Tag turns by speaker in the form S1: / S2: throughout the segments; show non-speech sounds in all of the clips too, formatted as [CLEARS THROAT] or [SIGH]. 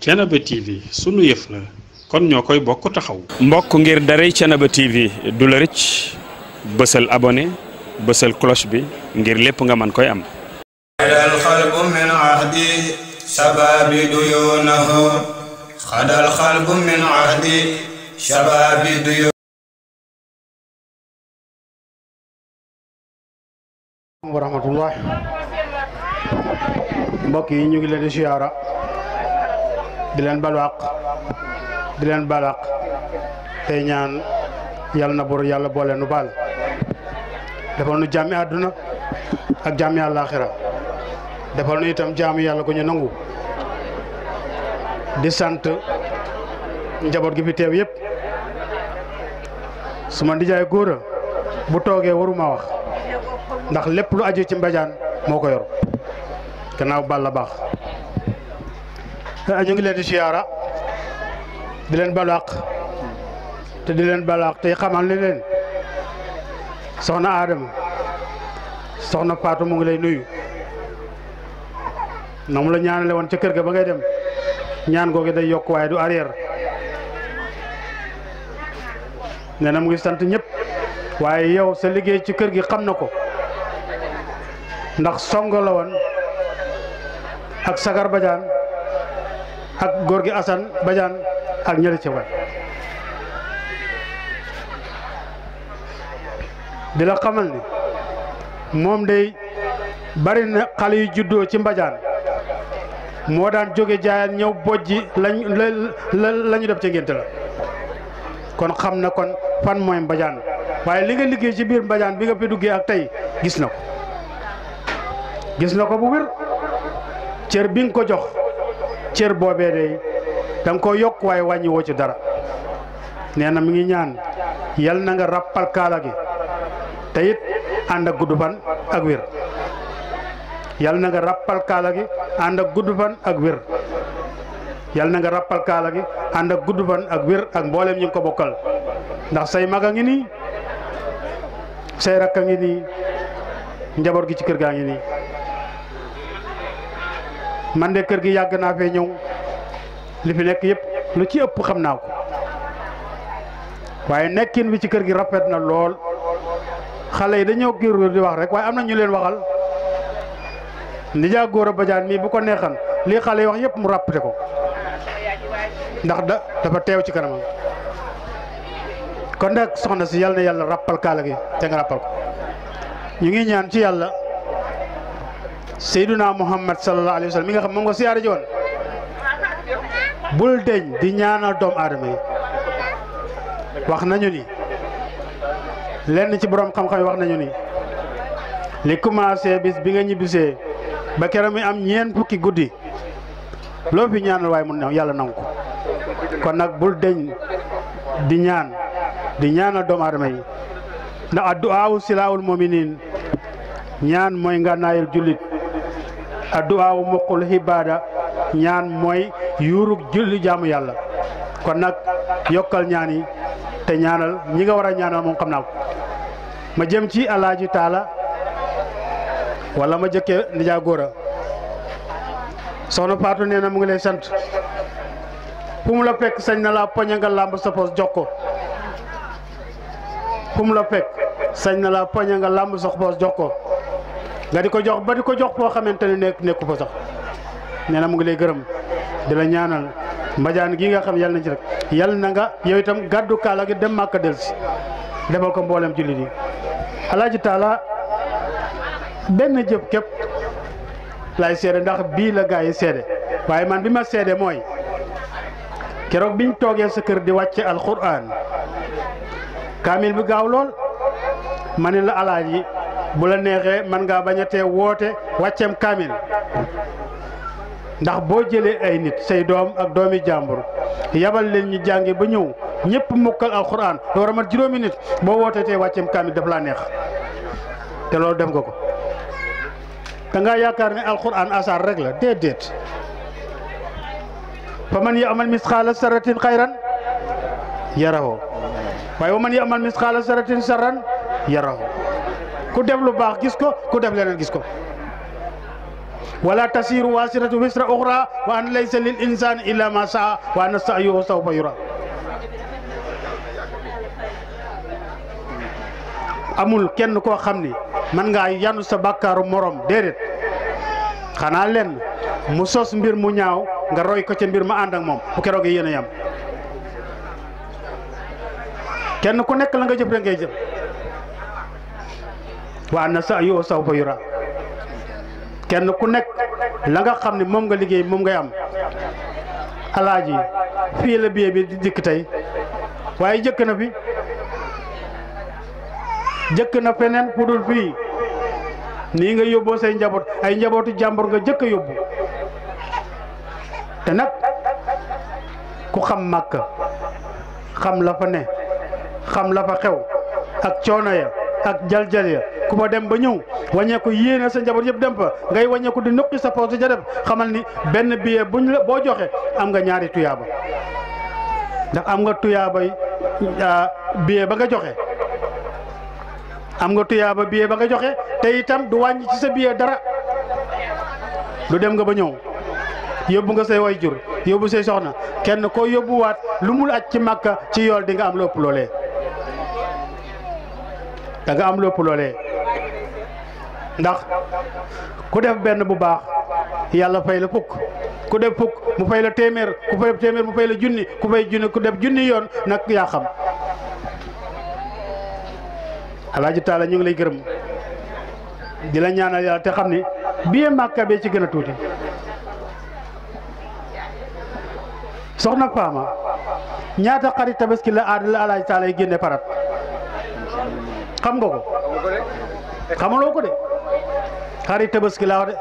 S1: Thiénaba TV sunu yëf la kon ñoo koy bokk taxaw. mbokk ngir daray Thiénaba
S2: TV du la rëcc bësal abonné bësal cloche bi ngir lépp nga
S3: mën koy am.
S4: xadal xalbu min ahdi shababi duyunahu
S5: xadal xalbu min ahdi shababi duyunahu. wa rahmatullah mbokk yi ñu ngi leen di
S2: di leen balwaq di leen balaq tey ñaan yàlla na bor yàlla boole nu baal defal nu jàmmi àdduna ak jàmmi àllaaxira defal nu itam jaamu yàlla ko ñu nangu di sant njaboot gi fi teew yëpp su ma ndijaay góora bu toogee waruma wax ndax lépp lu aju ci mbajaan moo ko yor gannaaw bàll baax [LAUGHS] ñu ngi leen di siyaara di leen balaax te di leen balaax tey xamal ne leen soxna aadama soxna Fatou mu ngi lay nuyu na mu la ñaanale woon ca kër ga ba ngay dem ñaan googu day yokk waaye du arrière nee na mu ngi sant ñëpp waaye yow sa liggéey ci kër gi xam na ko ndax songo la woon ak sagar bajaan ak góor gi Assane Badiane ak ñële ci wet di la xamal ni moom day bari na xale yu juddoo ci mbajaan moo daan jóge jaayaan ñëw bojji lañ def ci ngénte la kon xam na kon fan mooy Mbadiane waaye li nga liggéey ci biir Mbadiane bi nga fi duggee ak tey gis na ko gis na ko bu wér cër bi nga ko jox cër boobee day da nga koo yokk waay wàññi ci dara nee na mi ngi ñaan yal nanga nga kaala gi te it ànd gudd fan ak wér yal na nga kaala gi ànd gudd fan ak wér yal na nga rappal kaala gi ànd gudd fan ak wér ak mboolem ñu ngi ko bokkal ndax sey mag a ngi nii say rakk ngi nii
S5: njaboot gi ci kër gaa ngi nii.
S2: man de kër gi yàgg naa fee ñëw li fi nekk yëpp lu ci ëpp xam naa ko waaye nekkin wi ci kër gi rafet na lool xale yi dañoo gërëm di wax rek waaye am na ñu leen waxal Ndiaye Gora Badiane mii bu ko neexan lii xale yi wax yëpp mu ràppate ko ndax da dafa teew ci kanamam kon nag soxna si yàlla na yàlla rappal kaala gi te nga rappal ko ñu ngi ñaan ci yàlla. Seyduna Muhammad sallallahu alayhi wa sallam mi nga xam moom nga siyaare ji bul deñ di ñaanal doom aadama yi wax nañu ni lenn ci borom xam-xam yi wax nañu ni li commencé bis bi nga ñibbisee ba keroog mi am ñeen fukki guddi loo fi ñaanal waaye mun ne yàlla nangu ko kon nag bul deñ di ñaan di ñaanal doom aadama yi ndax addu'aawu silaawul muminin ñaan mooy ngànnaayal jullit adduwaawu moqul xibaada ñaan mooy yuurug julli jaamu yàlla kon nag yokkal ñaan yi te ñaanal ñi nga war a ñaanal moom xam naa ko ma jëm ci alaaji taala wala ma jëkkee nijaa góora soxna Fatou nee na mu ngi lay sant fu mu la fekk sañ na la poñe nga làmb sa poos jox ko fu mu la fekk sañ na laa poñe nga làmb sa poos jox ko nga di ko jox ba ko jox koo xamante ne nekk nekku fa sax nee na mu ngi lay gërëm di la ñaanal mbajaan gi nga xam yàlla na ci rek na nga yow itam gàddu kaala gi dem màkka del si defal ko mboolem jullit yi alaaji taala benn jëf képp lay seede ndax bii la gaa yi seede waaye man bi ma seede mooy keroog biñ toogee sa kër di wàcce alquran kaamil bi gaaw lool ma ne la alaaji bu la neexee man ngaa bañ a tee woote wàcceem kaamil ndax boo jëlee ay nit sey doom ak doomi jàmbur yabal leen ñu jàngi ba ñëw ñëpp mukkal alxuraan lu war a mat juróomi nit boo wootee te wàcceem kaamil daf laa neex te dem ko ko da ngaa yaakaar ne alxuraan asaar rek la déedéet fa man ya'mal misqaala sarratin xayran yarahu waaye wa man ya'mal misqaala sarratin sarran yarahu ku def lu baax gis ko ku def leneen gis ko wala tasiru wasiratu wisra uxra wa an laysa lil insani illa ma saa wa anna sa'yuhu sawfa yura amul kenn koo xam ni man ngaa yanu sa bàkkaaru morom déedéet xanaa lenn mu sos mbir mu ñaaw nga roy ko ca mbir ma ànd ak moom bu keroog yéen a yam kenn ku nekk la nga jëf rek ngay jëf wa anna sa'yahu sawfa ra kenn ku nekk la nga xam ni moom nga liggéey moom ngay am
S5: alaaji fii la billet bi di dikk tey waaye jëkk na fi
S2: jëkk na feneen fu dul fii nii nga yóbboo say njaboot ay njabootu jàmbur nga jëkk yóbbu te nag ku xam màkk xam la fa ne xam la fa xew ak coono ya ak jaljal ya ku ma dem ba ñëw wàññeeku yéene sa njaboot yëpp dem fa ngay wàññeeku di nuqi sa poos ja def xamal ni benn billet buñ la boo joxe am nga ñaari tuyaaba ndax am nga tuyaabay ah, billet ba nga joxe am nga tuyaaba billet ba nga joxe te itam du wàññi ci sa billet dara du dem nga ba ñëw yóbbu nga say way jur yóbbu say soxna kenn koo yóbbuwaat lu mu aj ci màkka ci yool di nga am lépp loolee da nga am lépp loolee ndax ku def benn bu baax yàlla fay la fukk ku def fukk mu fay la téeméer ku fay téeméer mu la junni ku fay junni ku def junni yoon nag yaa xam alaaji taala ñu ngi lay gërëm di la ñaanal yàlla te xam ni bii màkka bee ci gën a tuuti soxna Fama ñaata xarit tabaski la aada la alaaji taala yi génne parat xam nga ko xamaloo ko de xari tabaski laa de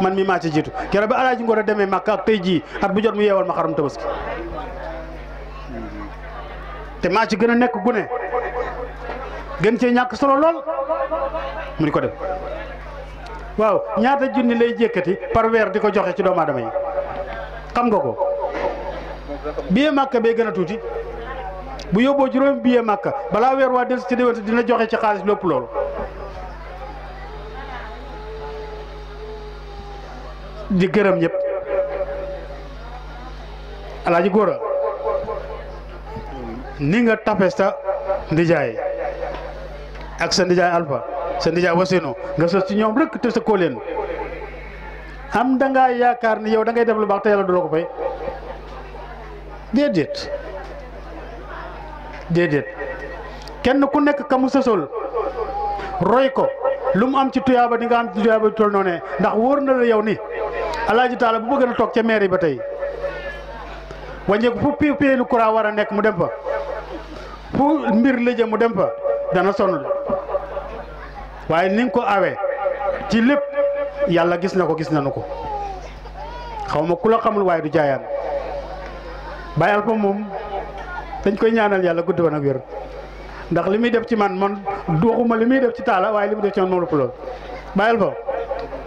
S2: man mi maa ci jiitu keroog ba alaaji Ngor a demee Màkka ak tey jii at bu jot mu yeewal ma xaram tabaski te maa ci gën a nekk gune gën cee ñàkk solo lool mu di ko def waaw ñaata junni lay jékkati par weer di ko joxe ci doomu aadama yi xam nga ko billet Màkka bee gën a tuuti bu yóbboo juróomi billet Màkka balaa weer waa del ci déwén dina joxe ci xaalis lépp loolu di gërëm ñëpp alaaji góor a ni nga tapé sa ndijaay ak sa ndijaay alpha sa ndijaay wasino nga sos ci ñoom rek te sa koo leen am da yaakaar ni yow dangay ngay def lu baax te yàlla du la ko fay déedéet déedéet kenn ku nekk kamu sësol roy ko lu mu am ci tuyaaba di nga am ci tuyaaba toll ndax wóor na la yow ni alaaji taala bu bëgg na toog ca meeri ba tey wàññeeku fu pi pireenu courant war a nekk mu dem fa fu mbir lëjë mu dem fa dana sonn waaye ni ko awee ci lépp yàlla gis na ko gis nu ko xaw ma ku la xamul waaye du jaayaan bayal Alpha moom dañ koy ñaanal yàlla gudd fan ak wér ndax li muy def ci man man waxuma li muy def ci taala waaye li muy def ci man moom la ko lool Baye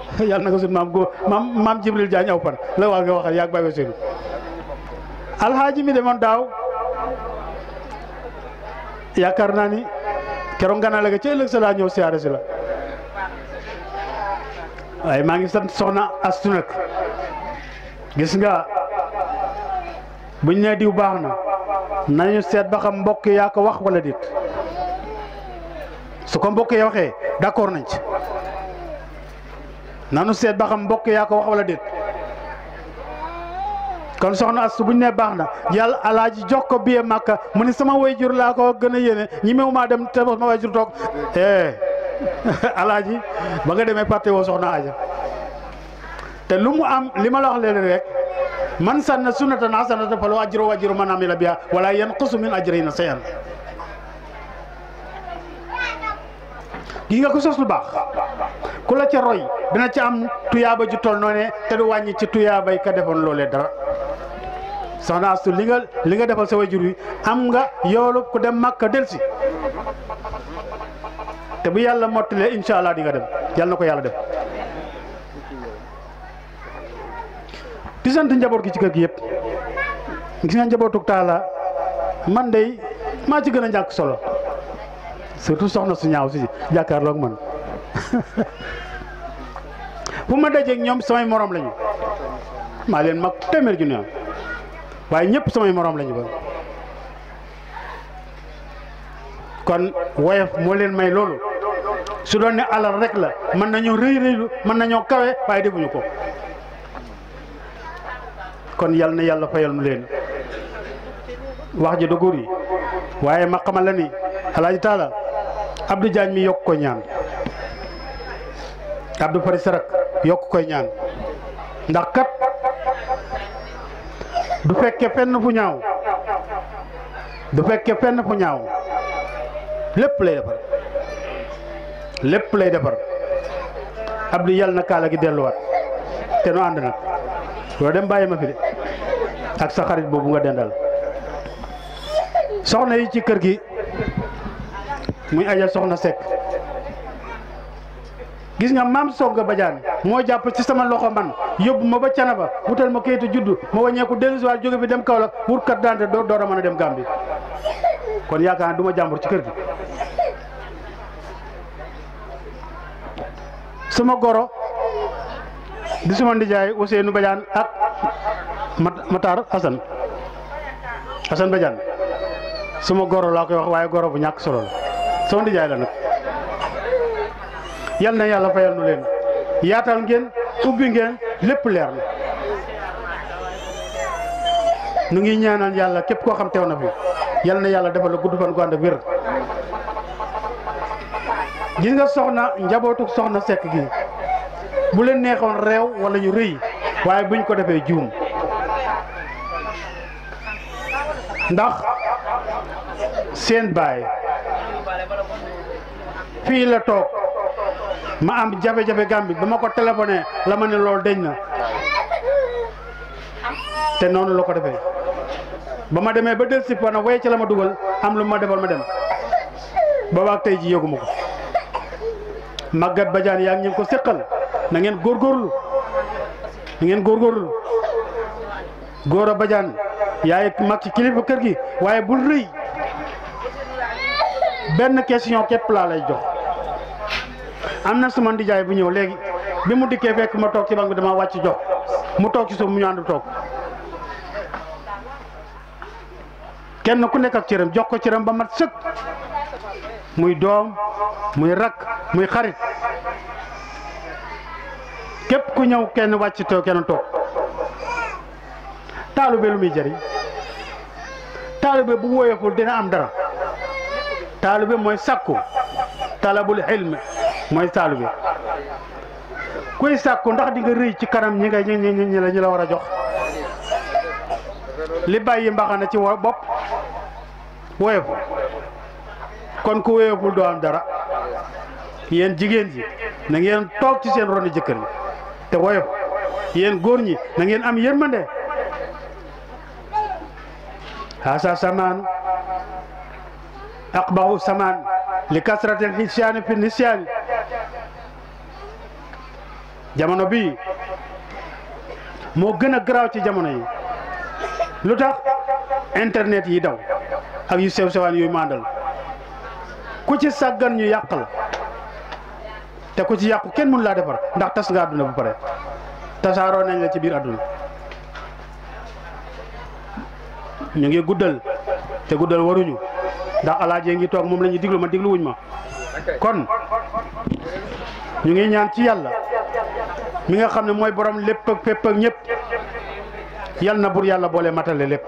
S2: [LAUGHS] yàlla na ko suñu maam góor maam maam Jibril Jaañ aw fan la waa nga waxal yaag bàyyi seen alxaaji mi demoon daaw yaakaar naa ni keroog nga naa la ca ëllëg sa laa ñëw siyaare si la waaye maa ngi sant soxna astu nag gis nga buñ nee diw baax na nañu seet ba xam mbokk yaa ko wax wala déet su ko mbokk yi waxee d'accord nañ ci nanu seet ba xam mbokk yaa ko wax wala déet kon soxna Astu buñ ne baax na yàlla alaaji jox ko biye màkka mu ni sama wayjur laa ko gën a yéene ñi meew maa dem te sama wayjur toog [LAUGHS] eh [LAUGHS] alaaji ba nga demee parti woo soxna Aja te lu mu am li ma la wax leen rek man sanna sunnatan hasanatan falahu ajruhu wa ajru man amila biha wala yanqusu min ajrihi shay'an gi nga ko sos lu baax ku la ca roy dina ca am tuyaaba ju tol noone te du wàññi ci tuyaabay ka defoon loolee dara soxna Astu li nga li nga defal sa wajur wi am nga yoolu ku dem Makka delsi te bu yàlla mottalee incha allah di nga dem yàlla na ko yàlla def di njaboot gi ci kër gi yëpp gis nga njabootuk taala man day maa ci gën a ñàkk solo surtout soxna su ñaaw si jàkkaarloog man bu [LAUGHS] ma dajeek ñoom samay moroom lañu maa leen mag téeméer junni ah. waaye ñëpp samay moroom lañu ba kon woyof moo leen may loolu su doon ne alal rek la mën nañoo rëy rëylu mën nañoo kawe waaye defuñu ko kon yal na yàlla fayal mu leen wax ji du góor yi waaye ma xamal la ni alaaji taala Abdou Diagne mi yokk ko ñaan Abdou Fari Sarak yokk koy ñaan ndax kat du fekke fenn fu ñaaw du fekke fenn ñaaw lépp lay defar lépp lay defar Abdou yàlla na kaala gi delluwaat te nu ànd na loolu dem bàyyi ma fi de ak sa xarit boobu nga dendal soxna yi ci kër gi muy aja soxna Seck. gis nga maam soog Sogga bajaan moo jàpp ci sama loxo man yóbbu ma ba Canaba wutal ma kayitu juddu ma wàññeeku dellusiwaat jóge bi dem Kaolack wut kat daante doo door a mën a dem Gambie kon yaakaar naa du ma jàmbur ci kër gi. sama goro di sama ndijaay Ousseynou Badiane ak Matar Assane Assane Badiane suma goro laa koy wax waaye goro bu ñàkk solo la sama ndijaay la nag. yal na yàlla fayal nu leen yaatal ngeen ubbi ngeen lépp leer na nu ngi ñaanal yàlla képp koo xam teew na fi yal na yàlla defal la gudd fan gu ànd wér gis nga soxna njabootu soxna sekk gi bu leen neexoon réew wala ñu rëy waaye buñ ko defee juum ndax seen baay fii la toog ma am jafe-jafe Gàmbi ba ma ko téléphoné la ma ne loolu deñ na te noonu la ko defee ba ma demee ba del si pana waye ci la ma dugal am lu ma defal ma dem boobaak tey ji yëguma ko Maguette bajaan yaa ngi ko séqal nangeen ngeen góorgóorlu na ngeen góorgóorlu
S5: Gora Badiane yaay mag ci kilifa kër gi waaye bul rëy
S2: benn question képp laa lay jox am na suma ndijaay bu ñëw léegi bi mu dikkee fekk ma toog ci bank bi dama wàcc jox mu toog ci suuf mu ñu toog kenn ku nekkat ak jox ko cëram ba mat sëkk
S5: muy doom muy rakk muy xarit
S2: képp ku ñëw kenn wàcc toog kenn toog taalube lu muy jëriñ taalube bu wóoyeful dina am dara taalube mooy sàkku talaabul ilm mooy taalu bi kuy sàkku ndax di nga rëy ci kanam ñi nga ñi ñi la ñu la war a jox li bàyyi mbaxana ci wa bopp woyofu kon ku woyoful doo am dara yéen jigéen ji na ngeen toog ci seen ronu jëkkër yi te woyof yéen góor ñi na ngeen am yërmande haasa ak aqbahu samaan li kasratil nisyaani fi nisyaani jamono bii moo gën a garaaw ci jamono yi lu tax internet yi daw ak yu sew sewaan yooyu mandal ku ci sàggan ñu yàq la te ku ci yàqu kenn mënu laa defar ndax tas nga àdduna bu pare tasaaroo nañ la ci biir àdduna ñu ngi guddal te guddal waruñu ndax alaajee ngi toog moom la ñuy diglu ma diglu wuñ ma kon
S5: ñu ngi ñaan ci yàlla
S2: mi nga xam ne mooy borom lépp ak fépp ñëpp yal na bur yàlla boole matale lépp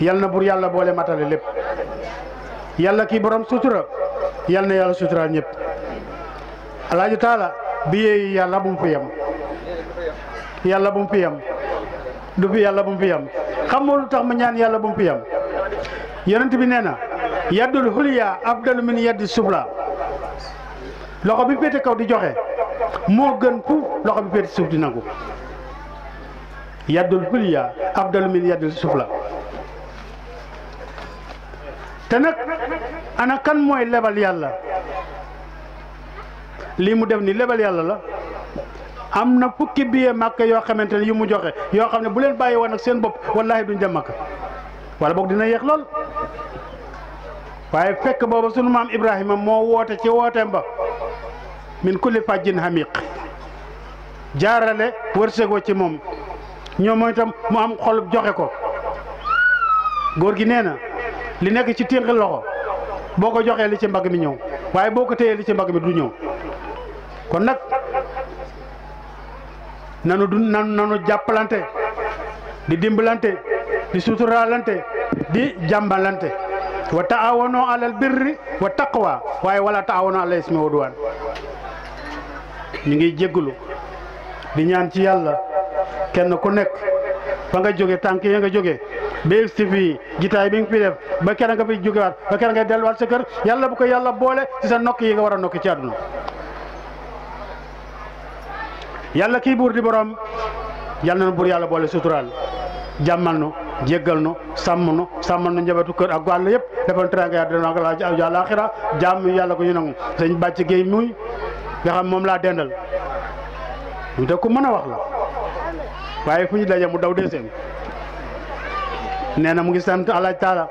S2: yal na bur yàlla boole matale lépp yàlla kii borom suutura yal na yàlla suturaal ñëpp alaaji taala biyeeyi yàlla bu mu fi yem yàlla bu mu fi yem du fi yàlla bu mu fi yam xam nga lu tax ma ñaan yàlla bu mu fi yem yonent bi nee na yaddul xuliya afdalu min yaddi sufla loxo bi féete kaw di joxe moo gën fu loxo bi féete suuf di nangu yaddul xuliya afdalu min yaddi sufla
S5: te nag ana
S2: kan mooy lebal yàlla lii mu def ni lebal yàlla la am na fukki billet màkk yoo xamante ne yu mu joxe yoo xam ne bu leen bàyyi woon ak seen bopp wallaahi duñ dem màkk wala boog dina yéex lool waaye fekk booba sunu maam Ibrahima moo woote ci wooteem ba min kulli fajjin hamiq jaarale wërsëg wa ci moom ñoom mooy itam mu am xol joxe ko góor gi nee na li nekk ci ténqi loxo boo ko joxee li ci mbagg mi ñëw waaye boo ko téyee li ci mbagg mi du ñëw kon nag nanu du nanu jàppalante di dimbalante di suturaalante di jàmbalante wa taawano alal birri wa taqwa waaye wala taawano alal ismi udwan ñu ngi jéggulu di ñaan ci yàlla kenn ku nekk fa nga jóge tànk ya nga jóge ba si fii jitaay bi nga fi def ba kenn nga fi jógewaat ba kenn nga delluwaat sa kër yàlla bu ko yàlla boole ci sa nokk yi nga war a nokk ci àdduna yàlla kii buur di borom yàlla na buur yàlla boole suturaal jàmmal nu jéggal nu sàmm nu sàmmal kër ak wàll yëpp defal teranga yaa dina ko laaj ja àlaxira jàmm yàlla ko ñu nangu sëñ bàcc géey muy nga moom laa dendal ñu te ku mën a wax la waaye fu ñu daje mu daw deseem na mu ngi sant alaaj taala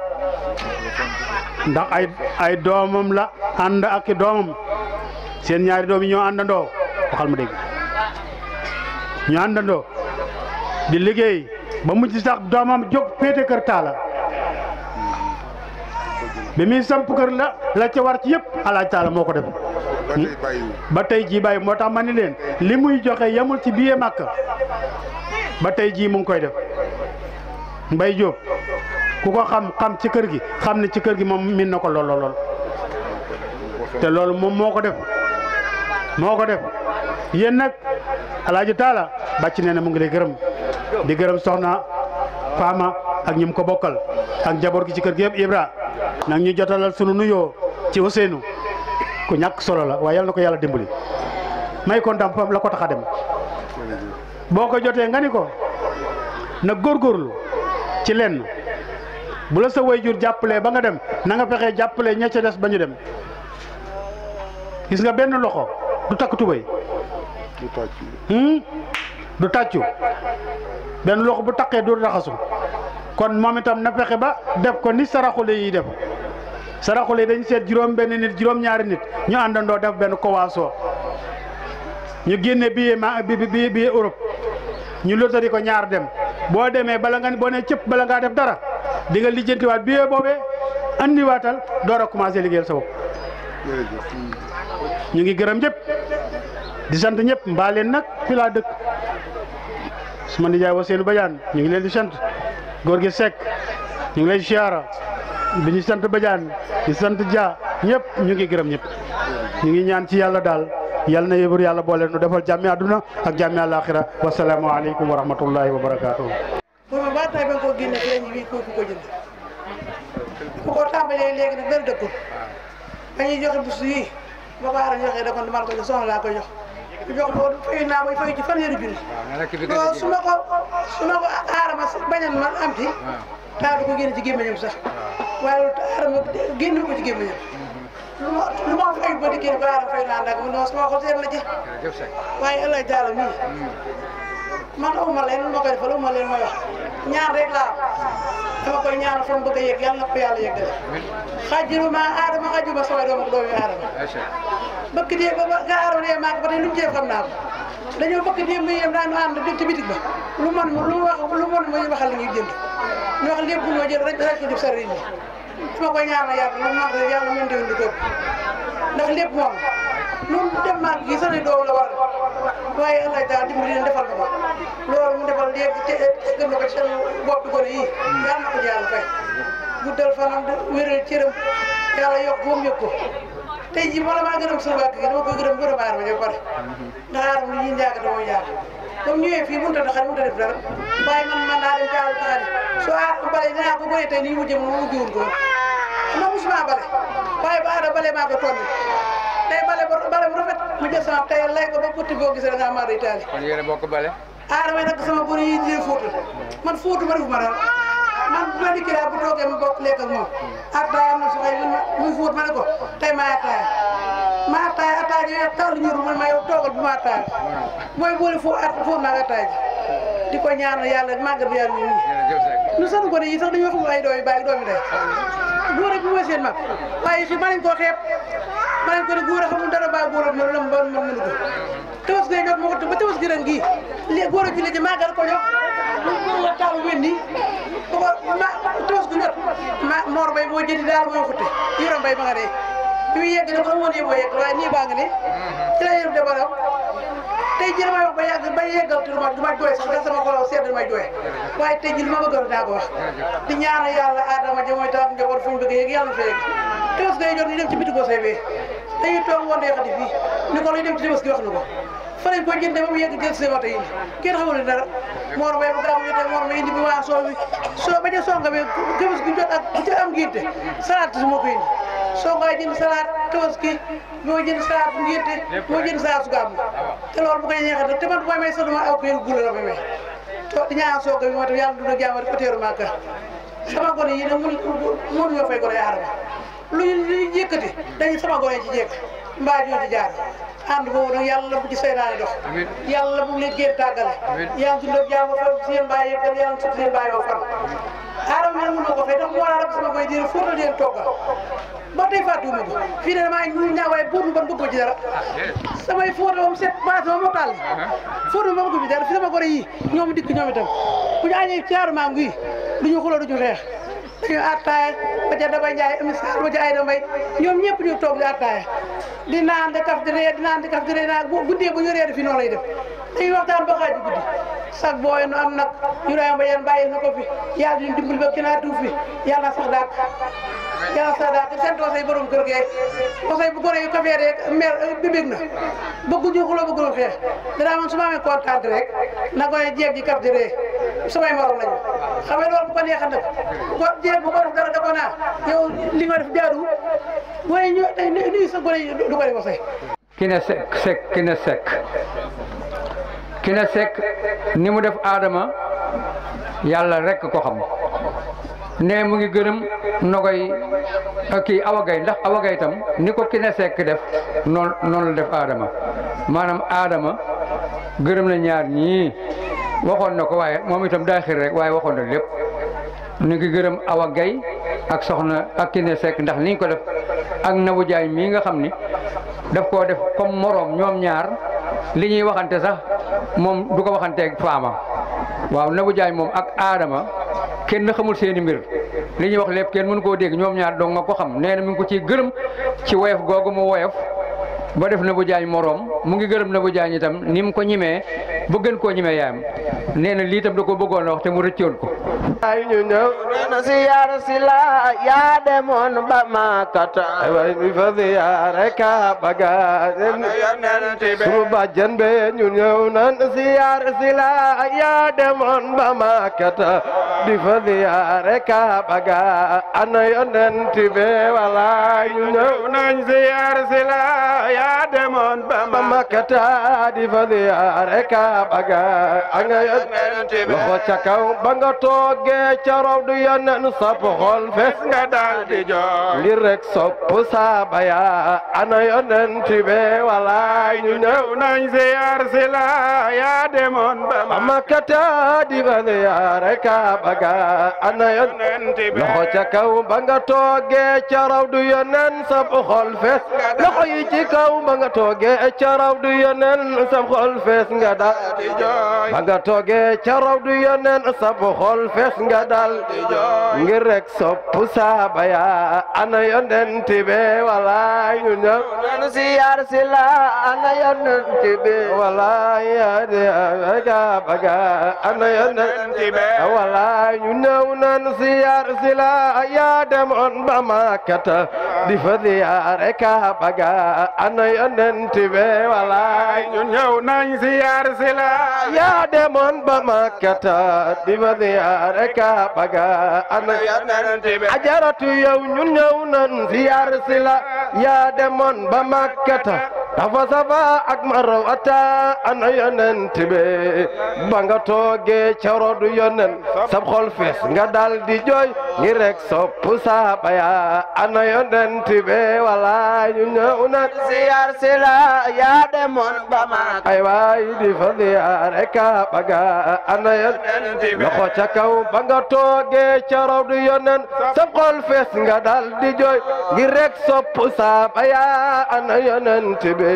S2: ndax ay ay doomam la ànd ak i doomam seen ñaari doom yi ñoo àndandoo waxal ma dégg ñu àndandoo di liggéey ba mujj sax doomam jóg féete kër taala bi muy samp kër la la ca war ci yépp alaaj taala moo ko def ba tey jii bàyyi moo tax ma ni leen li muy joxe yemul ci biir màkk ba tey jii mu ngi koy def Mbay Jóob ku ko xam xam ci kër gi xam ne ci kër gi moom min na ko lool lool te loolu moom moo ko def moo ko def yéen nag alaaji taala bàcc nee na mu ngi lay gërëm di gërëm soxna Fama ak ñi mu ko bokkal ak njaboot gi ci kër gi yëpp Ibra nag ñu jotalal sunu nuyoo ci Ousseynou ku ñàkk solo la waa yal na ko yàlla dimbali may kon ndam la ko tax a dem boo ko jotee nga ni ko na góorgóorlu ci lenn bu la sa waajur jàppale ba nga dem na nga fexee jàppalee ña des ba ñu dem gis nga benn loxo du takk tubay du du tàccu benn loxo bu taqee du raxasu kon moom itam na fexe ba def ko ni saraxule yi def saraxule yi dañ seet juróom benn nit juróom ñaari nit ñu àndandoo def benn kowaasoo ñu génne billet ma bi bi billet Europe ñu lotari ko ñaar dem boo demee bala nga boo nee cëpp bala ngaa def dara di nga lijjantiwaat billet boobe andiwaatal door a commencé liggéeyal sa bopp ñu ngi gërëm ñëpp di sant ñëpp mbaa nag fi laa dëkk. suma nijaay wa seenu bajaan ñu ngi leen di sant góor gi Seck ñu ngi lay siyaara bi ñu sant bajaan di sant ja ñëpp ñu ngi gërëm ñëpp ñu ngi ñaan ci yàlla daal yàlla na yëbur yàlla boole nu defal jàmmi àdduna ak jàmmi àllaaxira wasalaamu aleykum wa wa barakaatuhu
S6: ba ko génne ci lañ bi ku ko tàmbalee léegi nag benn dëkk ba ñuy joxe ko soxna laa ko jox di jox boobu fay naa mooy fay ci fanweeri junni. waaw su ma ko su ma ko aar ma bañan ma am ci. taa du ko génn ci gémmiñam sax. waaye loolu aar ma génn ko ci gémmiñam. Mm-hmm. lu ma lu ma fay ba dikkee baara fay naa ndax non su ma ko seet la ci. waaye El Hadj Diallo mii. Mm-hmm. man awma leen ma koy fal awma leen ma wax ñaar rek laa dama koy ñaar fa mu bëgg a yegg yàlla na ko yàlla yegg def xajiru ma aadama xaju ma samay doom ak doomi aadama bëkk dee ba nga aaroon yee maag ba tey lu mu jëf xam naa ko dañoo bëkk dee mu yem daan ànd dem ci bitig ba lu man lu mu wax lu man mooy waxal li ñuy jënd ñu wax lépp loo jël rek rek ko jëf sëriñ bi dama koy ñaar na yàlla lu mu wax yàlla mën déwén di góob ndax moom loolu dem naa gi sori la war waaye El Hadj Daal dimbali leen defal ko loolu mu defal léegi te gëm na ko seen bopp gone yi yàlla na ko jaal fay guddal fanam wéral cëram yàlla yokk ba mu yëg ko tey jii wala maa gërëm suñu bàq gi dama koy gërëm gërëm aar ma ñu pare ndax aar ma ñuy njàgg dama ñàkk comme ñëwee fii mënut a doxal mënut a def dara waaye man man naa su aar ko bale dinaa ko bëree tey nii mu jëm mu jiwoon ko ma musuma bale waaye ba aar a bale maa ko tonni day bale ba bale bu rafet mu jël sama xëy lay ko ba putti boo gisee da maar itaali.
S7: kon yéen a bokk bale.
S6: ah damay nag sama bor yi di fóotu man fóotu ma defuma dara man ma dikkee daal bu toogee ma bokk lekk ak moom attaaya am ma ne ko tey maa attaaya maa attaaya attaaya ji yow taw li ñëwul man ma attaaya mooy boole foo at foo di ko ñaanal yàlla màggal bi yàlla ñu ñu sant ko ne yi sax dañoo xamul ay doom doomi day góor ak bu seen mag waaye ma lañ koo xeeb ma leen ko ne góor a xamul dara baa góor a loolu la man man mënu ko tawas gay nag moo ko te ba tawas gi ren gii li góor a julli ji maagal ko jox mu nga taalu wendi ko ma tawas gu jot ma moor bay boo jëndi daal boo xutte yoram bay ma nga dee bi mu yegg ne ko woon yëpp yegg waaye nii baa nga ne ci la yëpp dabaram tey jii damay wax ba yàgg ba yeggal tur ma du ma jooy sax da sama xolaw sedd damay jooy waaye tey jii li ma bëggoon daa ko wax di ñaanal yàlla Adama ja mooy taam njaboot fu ñu bëgg yegg yàlla na fa yegg te was ngay jot ñu dem ci bitigoo say bee dañuy toog woon day xati fii ni ko lay dem ci tabaski wax na ko fa lañ ko jëndee ba mu bu gaaw jotee moor bay indi bi waa soo bi soo bañ a songa bi tabaski gi jot ak bu ci am ngénte salaat su te loolu bu koy neexee te man bu may sax dama aw ko la may may di ñaan songa bi moo tax yàlla dund ak jàmm rek ko teeru màkka sama gone yi nag lu ñu yëkkati dañu sama gone ci jékk mbaa ñoo ci jaar ànd boobu nag yàlla bu ci seytaane dox yàlla bu leen géer tàggale yàlla suñ doog jàmm fa seen bàyyi yëpp yàlla sut seen bàyyi yoo fan aaram nag mën na ko fay ndax moo laa rab sama koy jël fóotal leen toggal ba tey fàttuwu ma ko fii ne maa ngi ñu ñaaw waaye buur ban bëgg ci dara samay fóotal moom set baas ma ma tàll uh-huh. fóotal ma bëgg ci dara fi sama gone yi ñoom dikk ñoom itam bu ñu añee ci dañoo attaaya ba ca Daba Ndiaye émission ba ca Ayda Mbaye ñoom ñëpp ñu toog di attaaya di naan di kaf di ree di naan di kaf di ree naa guddee bu ñu reer fi ba xaaju guddi sax booy nu am nag ñu doon ba yan na ko fi yàlla duñu dimbali ba kinaa tuuf fi yàlla sax daal yàlla sax daal di sant wasay borom kër geeg wasay bu goree yu na bëgguñu xuloo bëgguñu fee danaa man na koy jeeg ji di samay morom lañu xam nga loolu bu ko neexee nag bu ko def dara da ko naan yow li nga def jaaduwul waaye ñu nuyu sa gone du ko def sax.
S7: Kine Seck Seck Kine Seck ni mu def aadama yàlla rekk ko xam ne mu ngi gërëm nogoy kii awagay ndax awagay itam ni ko Kine Seck def noonu la def aadama maanaam adama gërëm na ñaar ñii waxoon na ko waaye moom itam daa xir rek waaye waxoon na lépp. ñu ngi gërëm Awa gay ak soxna ak Kine sekk ndax liñ ko def ak Nabou Jaay mii nga xam ni daf koo def comme moroom ñoom ñaar li ñuy waxante sax moom du ko waxanteeg faama waaw Nabou Jaay moom ak Adama kenn xamul seeni mbir li ñuy wax lépp kenn mënu koo dégg ñoom ñaar dong nga ko xam nee na mi ngi ko ciy gërëm ci woyof googu mu woyof ba def Nabou Jaay moroom mu ngi gërëm Nabou Jaay itam ni mu ko ñimee ba gën koo ñemee yaayam nee na lii ko bëggoon a wax mu
S8: rëccoon ko. ay ñu ñëw na siyaara si la yaa demoon ba maakata way mi fa siyaare ka baga sunu bàjjan be ñu ñëw ñu ñëw nañ siyaara si la yaa demoon ba maakata di fa siyaare ka baga anga yonenti be loxo ca kaw ba nga ca rob du yonen sab xol fees nga daal di jox li rek sopp saaba ya ana yonenti be wala ñu nañ si
S3: la demoon
S8: ba makata di ba ziyaar ka baga ana yonenti be loxo ca kaw ba nga toogee ca rob du yonen sab xol fees loxo yi ci kaw ba nga ca rob du yonen sab xol fees nga daal di jooy ba nga toogee ca raw du yoneen sab xol fees nga dal di jooy ngir rek saaba ya ana yoneen tibe wala ñu ñëw nanu siyaar si la ana yoneen tibe wala ya di aga si la ya demoon ba ana yoneen tibe wala ñu ñëw nañ si yaa demoon ba makkata di fa ziyaare ga ana ajaratu yow ñun ñëw nan ziyaar si la yaa demoon ba makkata dafa safa ak marwata ana yonent ba nga toogee ca rodu yonent sab xol fees nga dal jooy ngir rek soppu saaba ya ana yonent bi ñun ñëw nan ziyaar si la yaa demoon ba makkata ziyaareka bi loxo ca kaw ba nga toogee ca raw du yonent sa xol fees nga dal di jooy ngir rek sopp saaba yaa ana yonent bi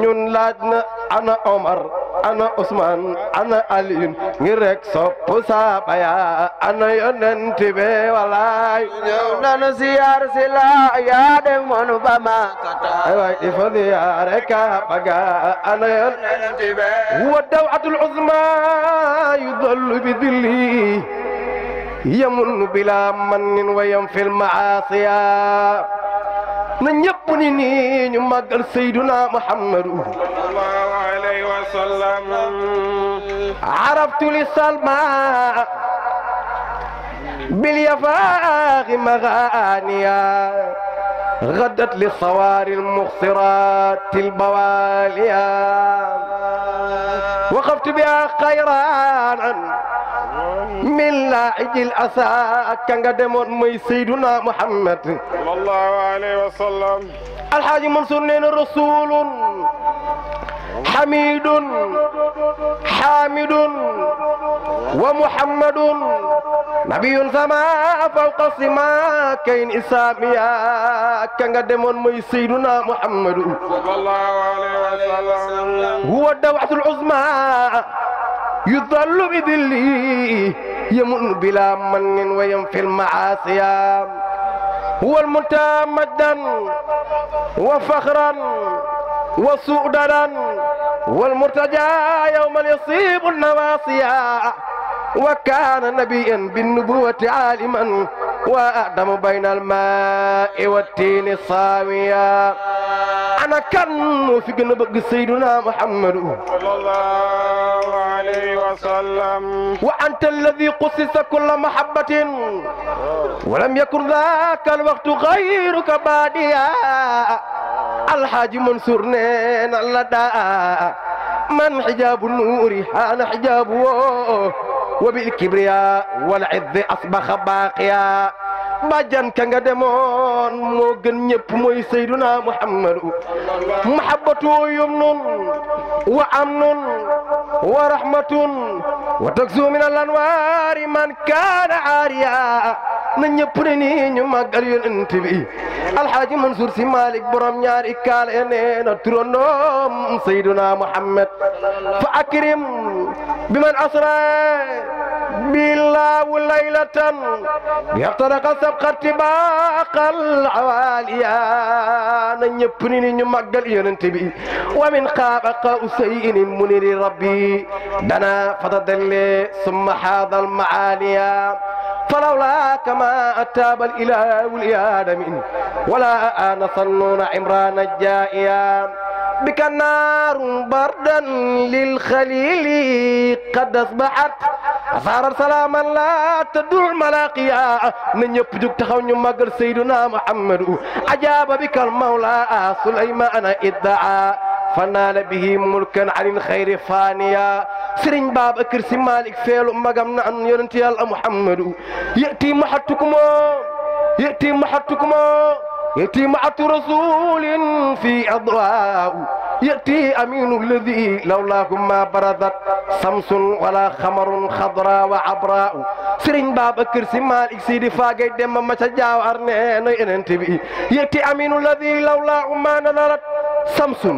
S8: ñun laaj na ana Omar ana Ousmane ana Alioune ngir rek sopp saaba ana yonent be walaay ñëw nanu siyaar si la yaa demoon ba Makka ay waay il faut siyaar baga ana yonent be huwa dawatul uzma yudallu bi dilli yamun bila mannin wa yam fil na ñëpp ni nii ñu màggal sayduna muhammadu sallallahu alayhi wa sallam araftu li salma bil yafaaxi maxaaniya غدت للصواري المخصرات البواليا وقفت بها خيرا laa ijil asa ka nga demoon mooy Muhammad sallallahu alayhi wa sallam wa muhammadun nabiyun sama fawqa sima kayn isaamiya ka nga demoon mooy Seyduna Muhammadu
S4: sallallahu alayhi wa sallam
S8: huwa dawatul uzma bi dilli يمن بلا من ويم في المعاصي هو المنتهى مجدا وفخرا وسؤددا والمرتجى يوما يصيب النواصي وكان نبيا بالنبوة عالما وأقدم بين الماء والتين صاويا أنا كان في جنب سيدنا محمد صلى الله عليه وسلم وأنت الذي قصص كل محبة ولم يكن ذاك الوقت غيرك باديا الحاج منصور نين الله من حجاب النور حان حجابه وبالكبرياء والعز أصبح باقيا bàjjan ka nga demoon moo gën ñëpp mooy sayduna muhammadu mahabbatu yumnun wa amnun wa rahmatun wa taksu min al man kaana aariya na ñëpp ne nii ñu màggal yonent bi alxaaji mansuur si malik borom ñaari kaale na turandoom sayduna muhammad fa akrim bi man asra بالله ليلة يقترق سبقة باق العواليا نيبني نمجل ينتبي ومن قاب قوسين منير ربي دنا فتدل ثم حاض المعاليا فلولا كما أتاب الإله الإياد من ولا أنا صنون عمران الجائيا ربك نار بردا للخليل قد أصبحت أثارت سلاما لا تدع ملاقيا من يبدو تخون يمقر سيدنا محمد أجاب بك المولى سليمان إدعى fanaale bihi mulkan anil xayri faaniya sëriñ Babacar Si Malick feelu magam na an yonent yàlla Muhammadu yëti maxatukumoo yëti maxatukumoo يتيمة رسول في أضواء يأتي أمين الذي لولاكم ما برزت سمس ولا خمر خضراء وعبراء سرين باب كرسي مالك سيدي فاقي دم ما شجاو أرنين ينتبي يأتي أمين الذي لولاكم ما نظرت سمس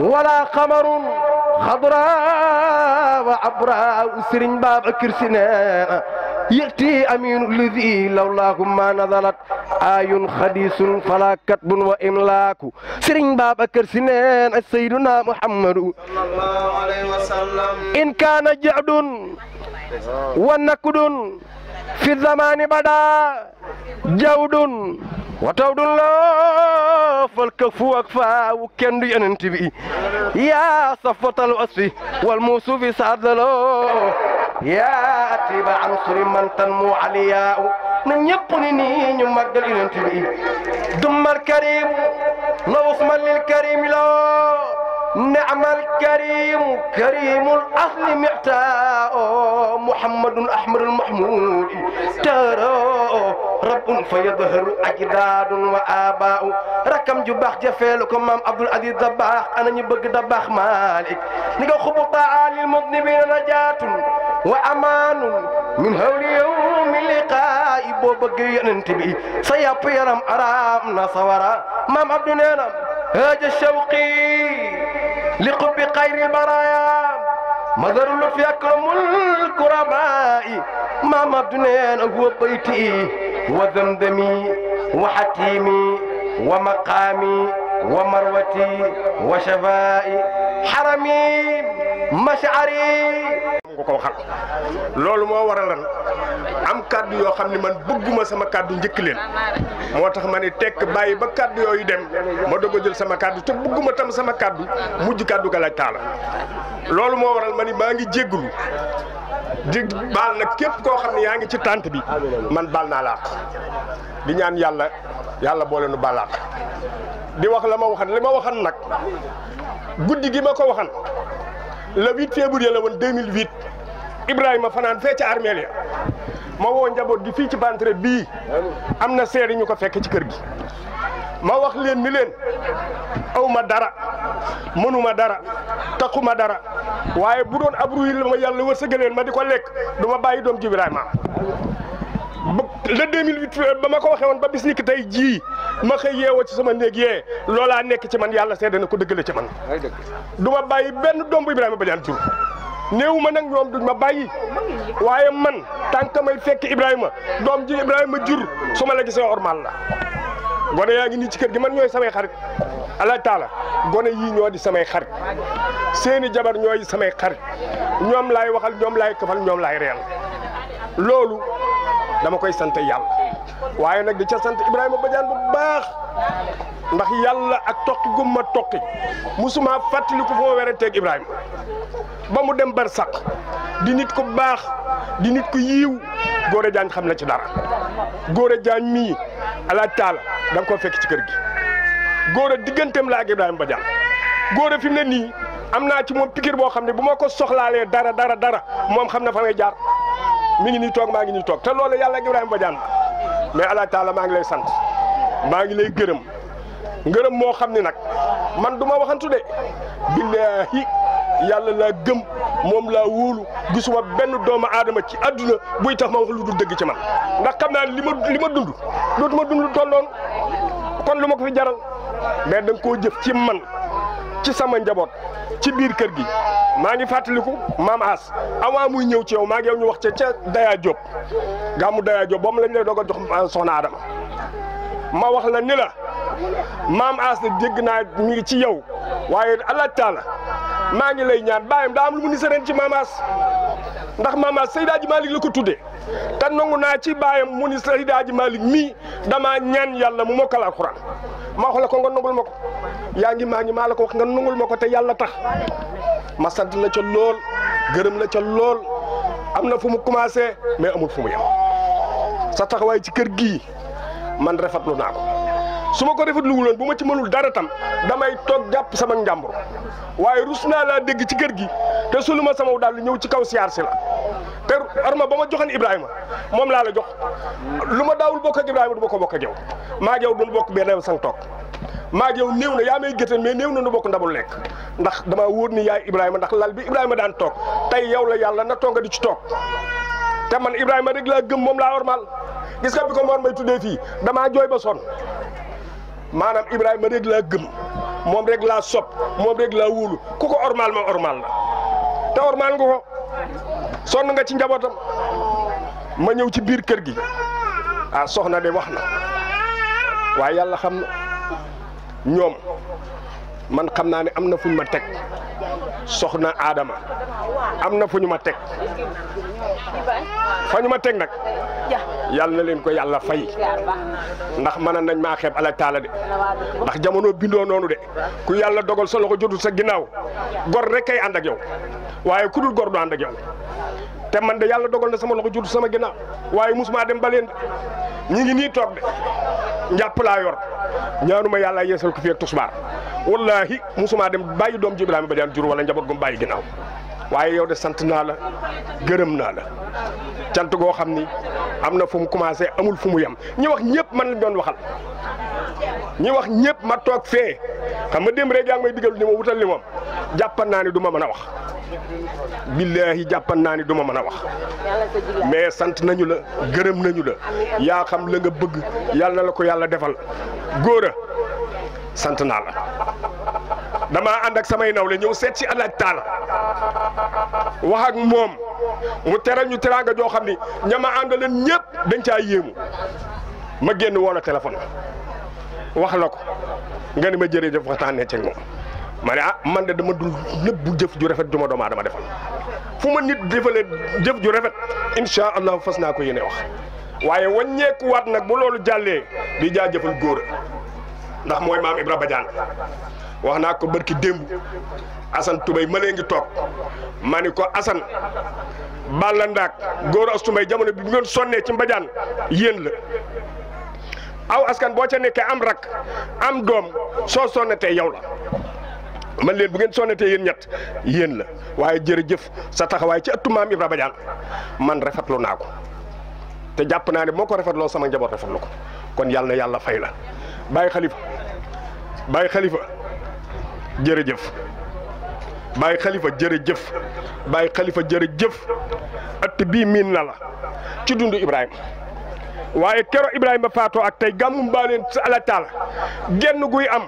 S8: ولا خمر خضراء وعبراء سرين باب كرسي يأتيه أمين الذي لولاه ما نزلت آي خديس فلا كتب وإملاك سرين بابا كرسنين سيدنا محمد صلى الله عليه وسلم إن كان جعد ونكد في الزمان بدا جود وتود الله فالكف وكفى وكن يننت بي يا صفة الوصف والموصوف سعدلو يا أتيب عنصر من تنمو عليا نيبني ني ني مغدل يننت بي دمر كريم لو اسم للكريم لو نعم الكريم كريم الأصل معتاء محمد أحمد المحمود ترى رب فيظهر أجداد وآباء ركم جباخ جفيلكم مام عبد العزيز دباخ أنا نبغ دباخ مالك نيكو خبو تعالي المذنبين نجاة وأمان من هول يوم اللقاء بو بغي ينتبي سيا بيرم أرام نصورا مام عبد نينم هاج الشوقي لقب خير البرايا مدر لطف يكرم الكرماء ما مبدنين هو بيتي وذمذمي وحكيمي ومقامي ومروتي وشفائي حرمي مشعري loolu moo waral lan
S1: am kàddu yoo xam ne man bëgguma sama kàddu njëkk leen moo tax ma ne tekk bàyyi ba kàddu yooyu dem ma doog jël sama kàddu te bëgguma tam sama kàddu mujj kàddu ga laaj loolu moo waral ma ni maa ngi jéggulu di baal nag képp koo xam ne yaa ngi ci tànt bi man baal naa laax di ñaan yàlla yàlla boole nu baal di wax la ma waxan li ma waxan nag guddi gi ma ko waxan le 8 février la woon 2008 Ibrahima fanaan fee ci armeel ya ma woo njaboot gi fii ci Bantere bii am na seer yi ñu ko fekke ci kër gi ma wax leen ni leen aw ma dara mënuma dara taxuma dara waaye bu doon abru yi la ma yàlla wërsëgaleen ma di ko lekk du ma bàyyi doom ji Ibrahima ba le 2008 ba ma ko waxee woon ba bis ni tey jii ma xëy yeewoo ci sama néeg yee loolaa nekk ci man yàlla seede na ko dëggale ci man. du ma bàyyi benn doom bu Ibrahima Badiane jur néew ma nag ñoom duñ ma bàyyi waaye man tànk may fekk Ibrahima doom ji Ibrahima jur su ma la gisee ormal la. gone yaa ngi nii ci kër gi man ñooy samay xarit ala taala gone yii ñoo di samay xarit seeni jabar ñooy samay xarit ñoom laay waxal ñoom laay këfal ñoom laay reyal loolu. dama koy sant yàlla waaye nag di ca sant Ibrahima Badiane bu baax ndax yàlla ak toqi gumma toqi musuma fàttaliku fu ma weranteeg Ibrahima ba mu dem bar saq di nit ku baax di nit ku yiiw Gora Diagne xam na ci dara Gora Diagne mii ala taala da nga koo fekk ci kër gi Gora digganteem la ak ba Badiane góor fi mu ne nii am naa ci moom pikir boo xam ne bu ma ko soxlaalee dara dara dara moom xam na fa may jaar mi ngi nii toog maa ngi nii toog te loolu yàlla ak Ibrahima Badiane mais allah taala maa ngi lay sant maa ngi lay gërëm ngërëm moo xam ni nag man du ma waxantu de billaahi yàlla laa gëm moom laa wóolu gisuma benn doomu aadama ci àdduna buy tax ma wax lu dul dëgg ci man ndax xam naa li ma li ma dund dootuma dund lu toll kon lu ma ko fi jaral mais da koo jëf ci man ci sama njaboot. ci biir kër gi maa ngi fàttaliku maam As avant muy ñëw ci yow maa ngi yow ñu wax ca ca Daya Diop gàmmu Daya Diop boo mu lañ lay doog a jox soxna Adama. ma wax la ni maam aas na dégg naa mi ngi ci yow waaye allah taala maa ngi lay ñaan bàyyam daa am lu mu ni ci maam aas ndax maam aas Seydi Hadji Malick la ko tuddee te nangu naa ci baayam mu ni Seydi Hadji mii damaa ñaan yàlla mu mokkal alxuraan ma wax la ko nga nangul ma ko yaa ngi maa ngi maa la ko wax nga nangul ma ko te yàlla tax ma sant la ca lool gërëm la ca lool am na fu mu commencé mais amul fu mu yem sa taxawaay ci kër gii man rafetlu naa ko su ma ko rafetlu wuloon bu ma ci mënul dara tam damay toog jàpp sama njàmbur waaye rus naa laa dégg ci kër gi te su lu ma sama daal ñëw ci kaw siyaar si la te arma ba ma joxoon Ibrahima moom laa la jox lu ma daawul bokk ak Ibrahima du ma ko bokk ak yow maa yow bokk benn sang toog maa yow néew na yaa may gëte mais néew na nu bokk ndabul lekk ndax dama wóor ni yaay Ibrahima ndax lal bi Ibrahima daan toog tey yow la yàlla na toog di ci toog te man Ibrahima rek laa gëm moom laa ormal gis bi ko moon may tuddee fii damaa jooy ba son maanaam Ibrahima rek laa gëm moom rek laa sopp moom rek laa wóolu ku ko ormal ma ormal la te ormal nga ko sonn nga ci njabootam ma ñëw ci biir kër gi ah soxna de wax na waaye yàlla xam na ñoom man xam naa ne am na fu ñu ma teg soxna Adama am na fu ñu ma teg
S5: fa ñu ma teg nag yàlla na leen ko yàlla fay ndax
S1: mën nañ maa xeeb ala taala de ndax jamono bindoo noonu de ku yàlla dogal sa loxo jotul sa ginnaaw gor rek kay ànd ak yow waaye ku dul gor du ànd ak te man de yàlla dogal na sama loxo judd sama ginnaaw waaye musuma dem ba leen ñi ngi nii toog de njàpp laa yor ñaanuma yàlla yeesal ko fi ak tusbaar wallaahi musuma dem bàyyi doom ji ba daan jur wala njaboot gum bàyyi ginnaaw waaye yow de sant naa la gërëm naa la cant goo xam ni am na fu mu commencé amul fu mu yem ñi wax ñëpp man lañ doon waxal ñi wax ñëpp ma toog fee xam ma dem rek yaa ngi may digal ni ma wutal li moom jàppan naa ni du ma mën a wax billaahi jàppan naa ni du ma mën a wax mais sant nañu la gërëm nañu la yaa xam la nga bëgg yàlla na la ko yàlla defal góora sant naa la damaa ànd ak samay nawle ñëw seet ci alaaj taala wax moom mu teral ñu teraanga joo xam ni ñama àndaleen ñëpp dañ caa yéemu ma génn woo la téléphone wax la ko nga ni ma jërëjëf waxtaanee ceeg moom ma ne ah man de dama dul nëbbu jëf ju rafet ju ma doomaa dama defal fu ma nit defalee jëf ju rafet incha allah fas naa ko yéene wax waaye wàññeekuwaat nag bu loolu jàllee di jaajëfal góor ndax mooy maam Ibra Badiane wax naa ko bërki démb Assane Toubé ma lee ngi toog ma ni ko Assane Balla Ndaak góor as Toubé jamono bi bu sonnee ci mbajaan yéen la aw askan boo ca nekkee am rak am doom soo sonnetee yow la man leen bu ngeen sonnetee yéen ñett yéen la waaye jërëjëf sa taxawaay ci ëttu maam Ibra Badiane man rafetlu naa ko te jàpp naa ne moo ko rafetloo sama njaboot rafetlu ko kon yàlla na yàlla fay la bàyyi xalifa bàyyi xalifa jërëjëf Baye Khalifa jërëjëf Baye Khalifa jërëjëf at bii miin na la ci dundu ibrahim waaye kero Ibrahima faatoo ak tey gàmmum baa leen si taala genn guy am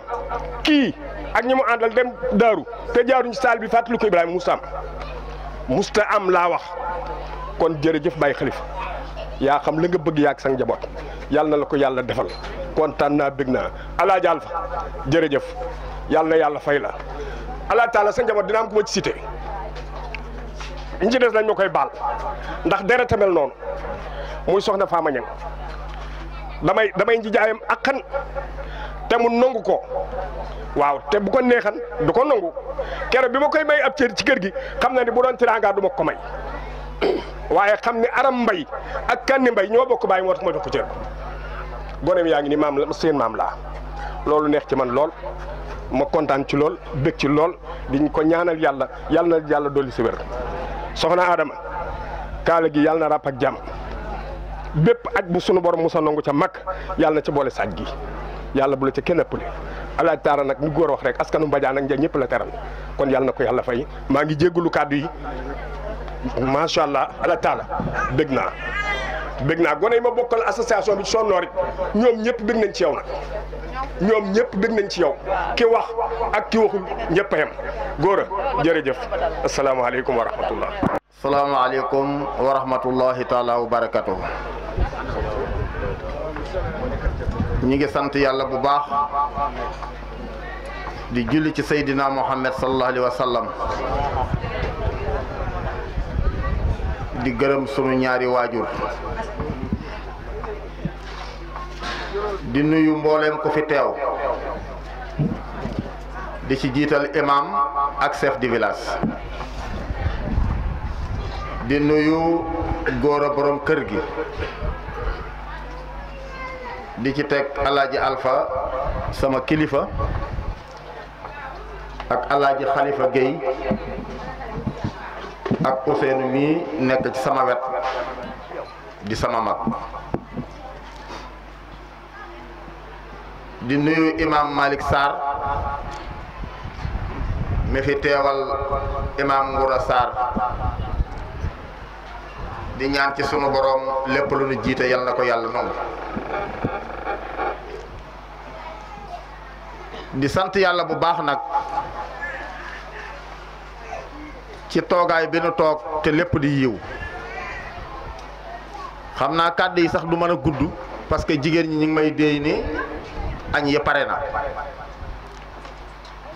S1: kii ak ñi mu àndal dem daaru te jaaruñ saal bi fàttali ko Ibrahima musta am musta am laa wax kon jërëjëf Baye Khalifa yaa xam la nga bëgg yaak sang njaboot yàlla na la ko yàlla defal kontaan naa bég naa alaajaal fa jërëjëf yàlla na yàlla fay la allah taala sa njaboot dina am ku ma ci cité ñi ci des nañ ma koy baal ndax deret a noonu muy soxna Fama Niang damay damay ak akkan te mu nangu ko waaw te bu ko neexan du ko nangu keroog bi ma koy may ab cër ci kër gi xam na ni bu doon tiraanga du ma ko may [CLEARS THROAT] waaye xam ni aram mbay ak kanni mbay ñoo bokk bàyyi moo tax ma jox ko cër goneem yaa ngi ni maam la seen maam laa loolu neex ci man lool ma kontaan ci lool bég ci lool diñ ko ñaanal yàlla yàlla na yàlla dolli si wér soxna aadama kaala gi yàlla na ràpp ak jàmm bépp aj bu sunu borom mu musa nangu ca mag yàlla ci boole saaj gi yàlla bu la ci kenn ëppale alaaj taara nag ñu góor wax rek askanu mbajaan ak nja ñëpp la teral kon yàlla na ko yàlla fay maa ngi jéggulu kàddu yi macha allah ala taala bëgg naa bëgg naa gone yi ma bokkal association bi son noorit ñoom ñëpp bëgg nañ ci yow nag ñoom ñëpp bëgg nañ ci yow ki wax ak ki waxul ñëpp a yem góor a
S9: jërëjëf asalaamaaleykum wa rahmatullah asalaamaaleykum wa rahmatullahi ñi ngi sant yàlla bu baax di julli ci seydina muhammad sallallahu alayhi wa sallam di gërëm sunu ñaari waajur di nuyu mbooleem ko fi teew di ci jiital imam ak chef di village di nuyu góor a borom kër gi di ci teg alaaji Alpha sama kilifa ak alaaji Khalifa Gueye ak Ousseynou mii nekk ci sama wet di sama mag di nuyu imaam Malick Sarr mi fi teewal imaam Ngoura Sarr di ñaan ci sunu boroom lépp lu nu jiite yal na ko yàlla noonu di sant yàlla bu baax nag ci toogaay bi nu toog te lépp di yiw xam naa kàdd yi sax du mën a gudd parce que jigéen ñi ñu ngi may déey ni añ yi pare na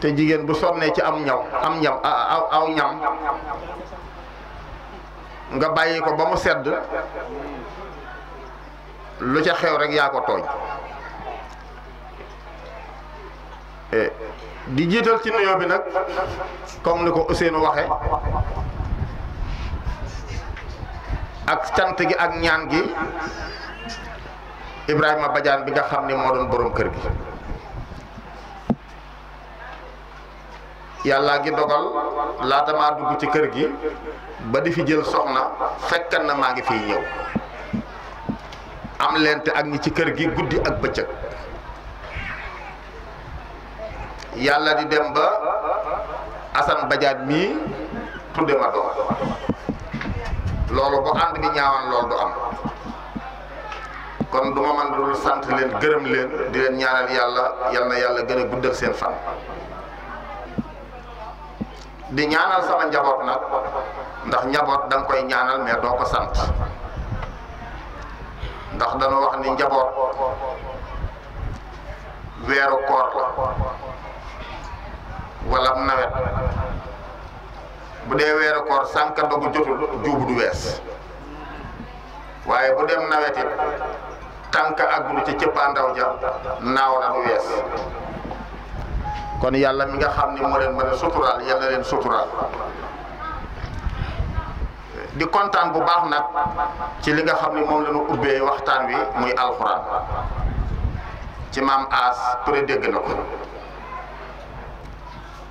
S9: te jigéen bu sonnee ci am ñaw am ñam aw ñam nga bàyyi ko ba mu sedd lu ca xew rek yaa ko tooñ eh, di jiital ci nuyoo bi nag comme ni ko Ousseynou waxe ak cant gi ak ñaan gi Ibrahima bajaan bi nga xam ni moo doon boroom kër gi yàlla ngi dogal laata maa dugg ci kër gi ba di fi jël soxna fekkan na maa ngi fiy ñëw am lente ak ñi ci kër gi guddi ak bëccëg yàlla di dem ba Assane Badiane mii tudde ma doom loolu bu ànd bi ñaawaan loolu du am kon du man dul sant leen gërëm leen di leen ñaanal yàlla yal na yàlla gën a guddal seen fan di ñaanal sama njaboot nag ndax njaboot da koy ñaanal mee doo ko sant ndax dañu wax ni njaboot weeru koor la wala nawet bu dee weeru koor sànka dogu jotul juubu du wees waaye bu dem nawet it tànk àggul ci cëppaandaw ja naaw na wees kon yàlla mi nga xam ni moo leen mën a suturaal yàlla leen suturaal di kontaan bu baax nag ci li nga xam ni moom la ñu ubbee waxtaan wi muy alxuraan ci maam aas pré dégg na ko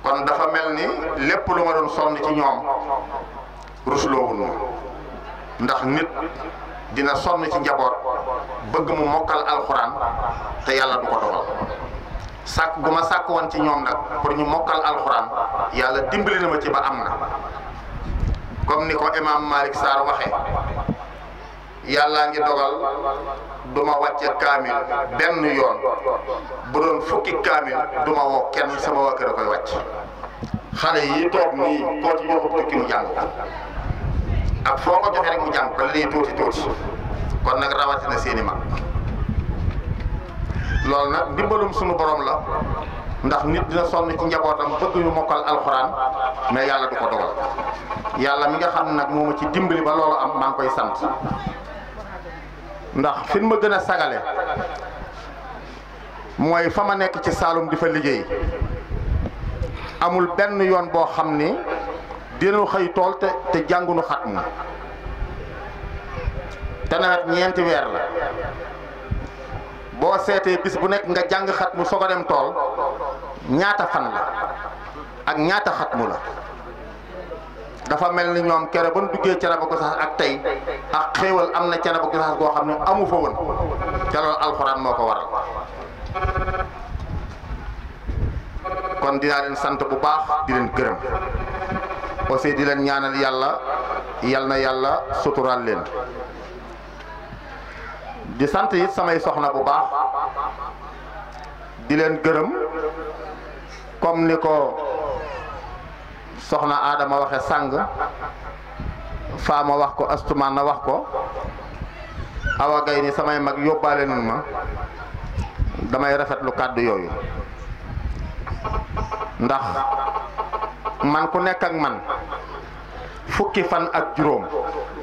S9: kon dafa mel ni lépp lu ma doon sonn ci ñoom rusloowul ma ndax nit dina sonn ci njaboot bëgg mu mokkal alxuraan te yàlla du ko dogal sàkk gu ma sàkk woon ci ñoom nag pour ñu mokkal alxuraan yàlla dimbali na ma ci ba am na comme ni ko imaam Malick Sarr waxe yàllaa ngi dogal duma wàcce kaamil benn yoon bu doon fukki kaamil duma woo kenn sama waa kër a koy wàcc xale yi toog nii koo ci tukki mu jàng ko ak foo ko joxe rek mu jàng ko lii tuuti tuuti kon nag rawatina seeni mag loolu nag ndimbalum sunu borom la ndax nit dina sonn ci njabootam bëgg mokkal alxuraan mais yàlla du ko dogal yàlla mi nga xam ne nag moo ci dimbali ba loolu am maa koy sant ndax fi ma gën a sagale mooy fa ma nekk ci Saalum di fa liggéey amul benn yoon boo xam ni dinu xëy tool te te jàngunu xat mu te nawet ñeenti weer la boo seetee bis bu nekk nga jàng xat mu soog dem tool ñaata fan la ak ñaata xat mu la dafa mel ni ñoom kere ba nu duggee Thiénaba Gosaas ak tey ak xéewal am na cerebu Gosaas goo xam ne amu fa woon te loolu alxuraan moo ko waral kon dinaa leen sant bu baax di leen gërëm aussi di leen ñaanal yàlla yal na yàlla suturaal leen di sant it samay soxna bu baax di leen gërëm kom ni ko. soxna Adama waxe sàng ma wax ko astumaan na wax ko awa gay samay mag yóbbaale nun ma damay rafetlu kàddu yooyu ndax man ku nekk ak man fukki fan ak juróom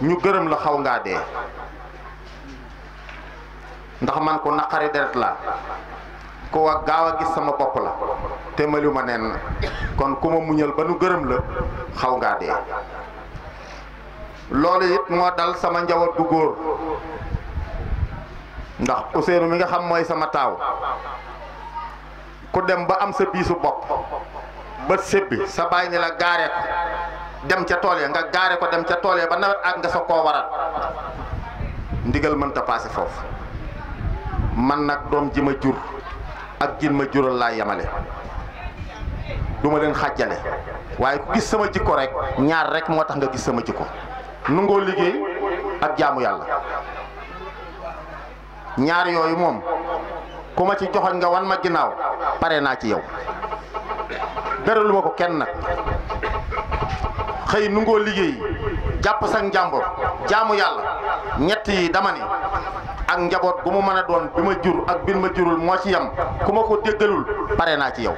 S9: ñu gërëm la xaw ngaa dee ndax man ku naqari deret la ku wa gaaw a gis sama bopp la te malu ma nen kon ku ma muñal ba nu gërëm la xaw ngaa dee loolu it moo dal sama njaboot bu góor ndax Ousseynou mi nga xam mooy sama taaw ku dem ba am sa biisu bopp ba sébbi sa bàyyi ni la gaare ko dem ca tool ya nga gaare ko dem ca tool ya ba nawet ak nga sa koo waral ndigal mënta paase foofu man nag doom ji ma jur ak jin ma jural laa yemale duma ma leen xàjjale waaye ku gis sama jikko rek ñaar rekk moo tax nga gis sama jikko nungoo liggéey ak jaamu yàlla ñaar yooyu moom ku ma ci joxat nga wan ma ginnaaw pare naa ci yow beralu ko kenn nag xëy nu ngoo liggéey jàpp sa njàmbur jaamu yàlla ñett yi dama ni ak njaboot bu mu mën a doon bi ma jur ak bin ma jurul moo ci yam ku ma ko déggalul pare naa ci yow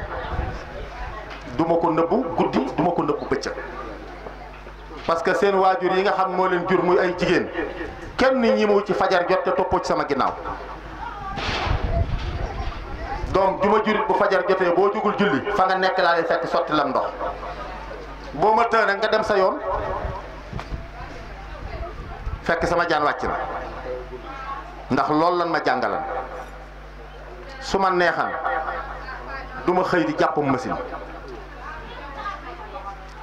S9: du ma ko nëbbu guddi du ma ko nëbbu bëccëg parce que seen waajur yi nga xam moo leen jur muy ay jigéen kenn ñi mu ci fajar jot te toppoo ci sama ginnaaw doom ju ma jurit bu fajar jotee boo jugul julli fa nga nekk laa lay fekk sotti lam ndox boo ma tënk nga dem sa yoon fekk sama jaan wàcc na ndax loolu lan ma jàngalan su ma neexan du ma xëy di jàppam machine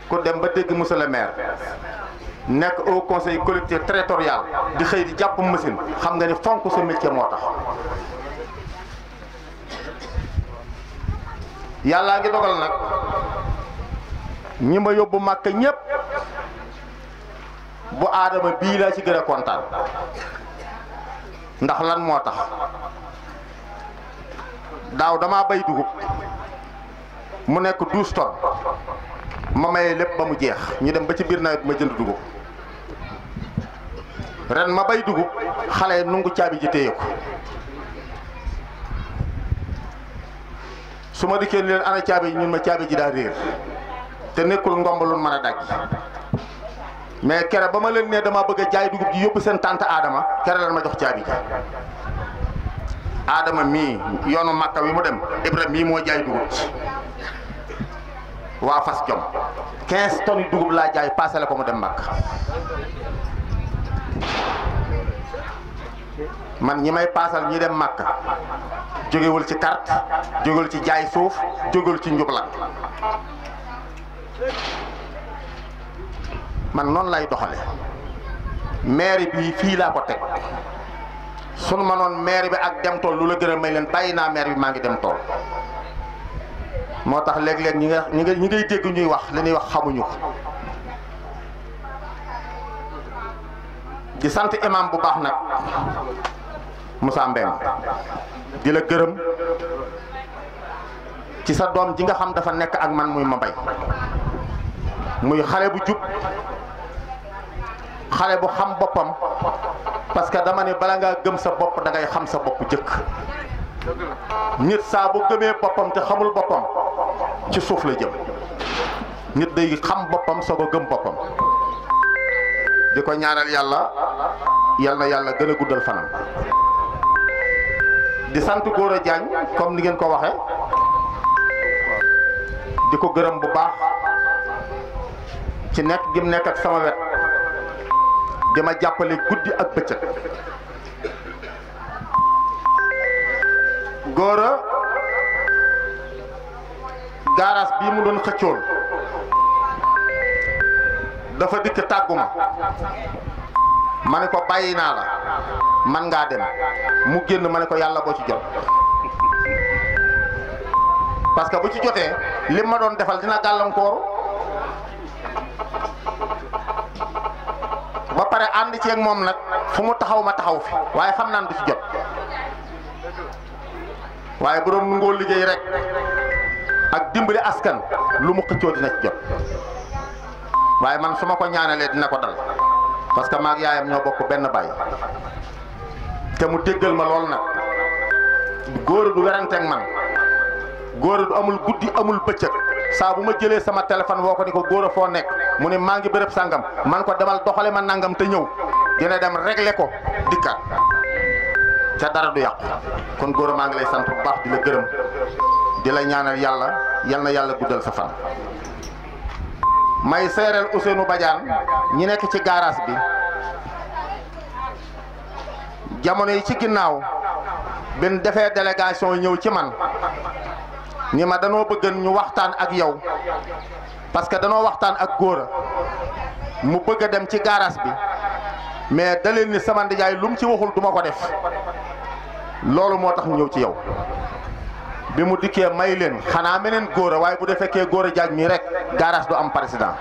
S9: ku dem ba dégg monsieur le nekk au conseil collectif territorial di xëy di jàppam machine xam nga ni fonk sa métier moo tax yàllaa ngi dogal nag ñi ma yóbbu màkk ñépp bu aadama bii laa ci gën kontaan ndax lan moo tax daaw dama bay dugub mu nekk douze tonnes ma maye lépp ba mu jeex ñu dem ba ci biir nawet ma jënd dugub ren ma bay dugub xale yi nungu caabi ji téye ko su ma dikkee leen ana caabi ji ñun ma caabi ji daa réer te nekkul ngomb lu mën a daj mais kere ba ma leen ne dama bëgg jaay dugub ji yóbbu seen tante Adama kere lan ma jox caabi ji Adama mii yoonu Makka wi mu dem Ibrahima mii moo jaay dugub waa fas jom 15 tonnes yu dugub laa jaay paase la ko mu dem Makka. man ñi may paasal ñi dem Màkka jógewul ci carte jógewul ci jaay suuf jógewul ci njublan man noonu lay doxale maire bi fii laa ko teg sunu ma noon maire bi ak dem tool lu la gën a may leen bàyyi naa maire bi maa ngi dem tool moo tax léeg-léeg ñi ñi nga ñi ngay dégg ñuy wax li ñuy wax xamuñu di sant imam bu baax nag Moussa Mbengue di la gërëm ci sa doom ji nga xam dafa nekk ak man muy ma mbay muy xale bu jub xale bu xam boppam parce que dama ne bala ngaa gëm sa bopp da ngay xam sa bopp jëkk nit saa bu gëmee boppam te xamul boppam ci suuf la jëm nit day xam boppam soog a gëm boppam di ko ñaanal yàlla yal na yàlla gën a guddal fanam di sant Gora Diagne comme li ngeen ko waxe di ko gërëm bu baax ci nekk gi mu nekk ak sama wet di ma jàppale guddi ak bëccëg Gora gaaraas bii mu doon xëccool dafa dikk tàgguma ma ne ko bàyyi naa la man ngaa dem mu génn ma ne ko yàlla boo ci jot parce que bu ci jotee li ma doon defal dina gàllankooru ba pare ànd ceeg moom nag fu mu taxaw ma taxaw fi waaye xam naan di ci jot waaye bu doon ngoo liggéey rek ak dimbali askan lu mu xëccoo dina ci jot waaye man su ma ko ñaanalee dina ko dal parce que maag yaayam ñoo bokk benn baay te mu déggal ma lool nag góor du werante man góor du amul guddi amul bëccëg saa bu ma jëlee sama téléphone woo ko ni ko góor a foo nekk mu ne maa ngi bërëb sàngam man ko demal doxale ma nangam te ñëw dina dem régler ko dikkaat ca dara du yàqu kon góor maa ngi lay sant bu baax di la gërëm di la ñaanal yàlla yal na yàlla guddal sa fan. may seereel Ousseynou Badiane ñi nekk ci garage bi jamono yi ci ginnaaw bin defee délégation ñëw ci man ni ma danoo bëggan ñu waxtaan ak yow parce que danoo waxtaan ak góora mu bëgg a dem ci garage bi mais da leen ni sama ndijaay lu ci waxul duma ko def loolu moo tax ñëw ci yow bi mu dikkee may leen xanaa meneen góor waaye bu dee fekkee góor a jaaj mi rek garage du am président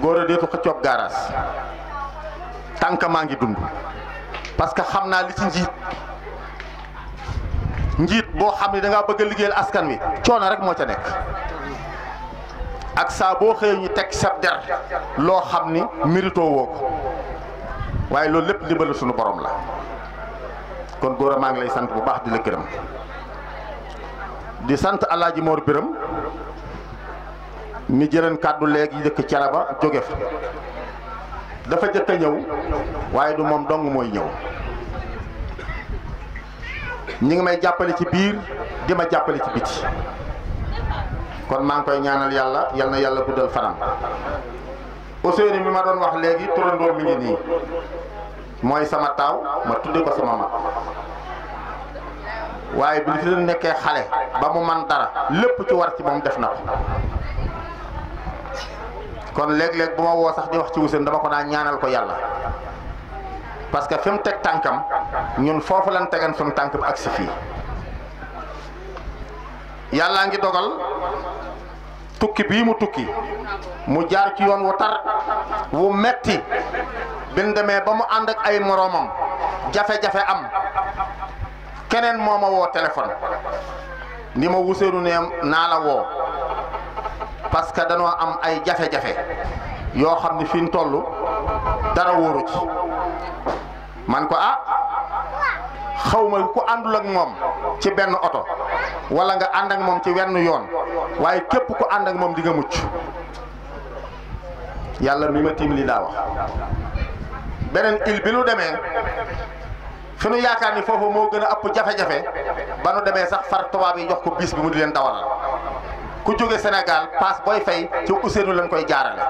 S9: góor a deetu xëccoog garage tànk maa ngi dund parce que xam naa li ci njiit njiit boo xam ne danga bëgg a liggéeyal askan wi coono rek moo ca nekk ak saa boo xëyee ñu teg sa der loo xam ni mérito woo ko waaye loolu lépp dimbalu sunu boroom la kon góor maa ngi lay sant bu baax di la gërëm di sant alaaji Mor Biram mi jëleen kàddu léegi dëkk Caraba jóge fa dafa jëkk a ñëw waaye du moom dong mooy ñëw ñu ngi may jàppale ci biir di ma jàppale ci biti kon maa ngi koy ñaanal yàlla yal na yàlla guddal fanaan Ousseynou mi ma doon wax léegi turandoo mi ngi nii mooy sama taaw ma tudde ko sama mag waaye bi fi nekkee xale ba mu man dara lépp ci war ci moom def na ko kon léeg-léeg bu ma woo sax di wax ci Ousseynou dama ko naa ñaanal ko yàlla parce que fi teg tànkam ñun foofu lan tegan sunu tànk bi ak si fii yàllaa ngi dogal tukki bii mu tukki mu jaar ci yoon wu tar wu metti bin demee ba mu ànd ak ay moroomam jafe-jafe am keneen moo ma woo téléphone ni ma wuseenu ne naa la woo parce que danoo am ay jafe-jafe yoo xam ne fi ñu toll dara wóoru ci man ko ah xaw ma ku àndulak moom ci benn oto wala nga ànd ak moom ci wenn yoon waaye képp ku ànd ak moom dinga nga mucc yàlla mi ma tiim li daa wax beneen il bi lu demee. suñu yaakaar ni foofu moo gën a ëpp jafe-jafe ba nu demee sax far tubaab yi jox ko bis bi mu di leen dawal ku jóge Sénégal paas booy fay ci Ousseynou lañ koy jaarale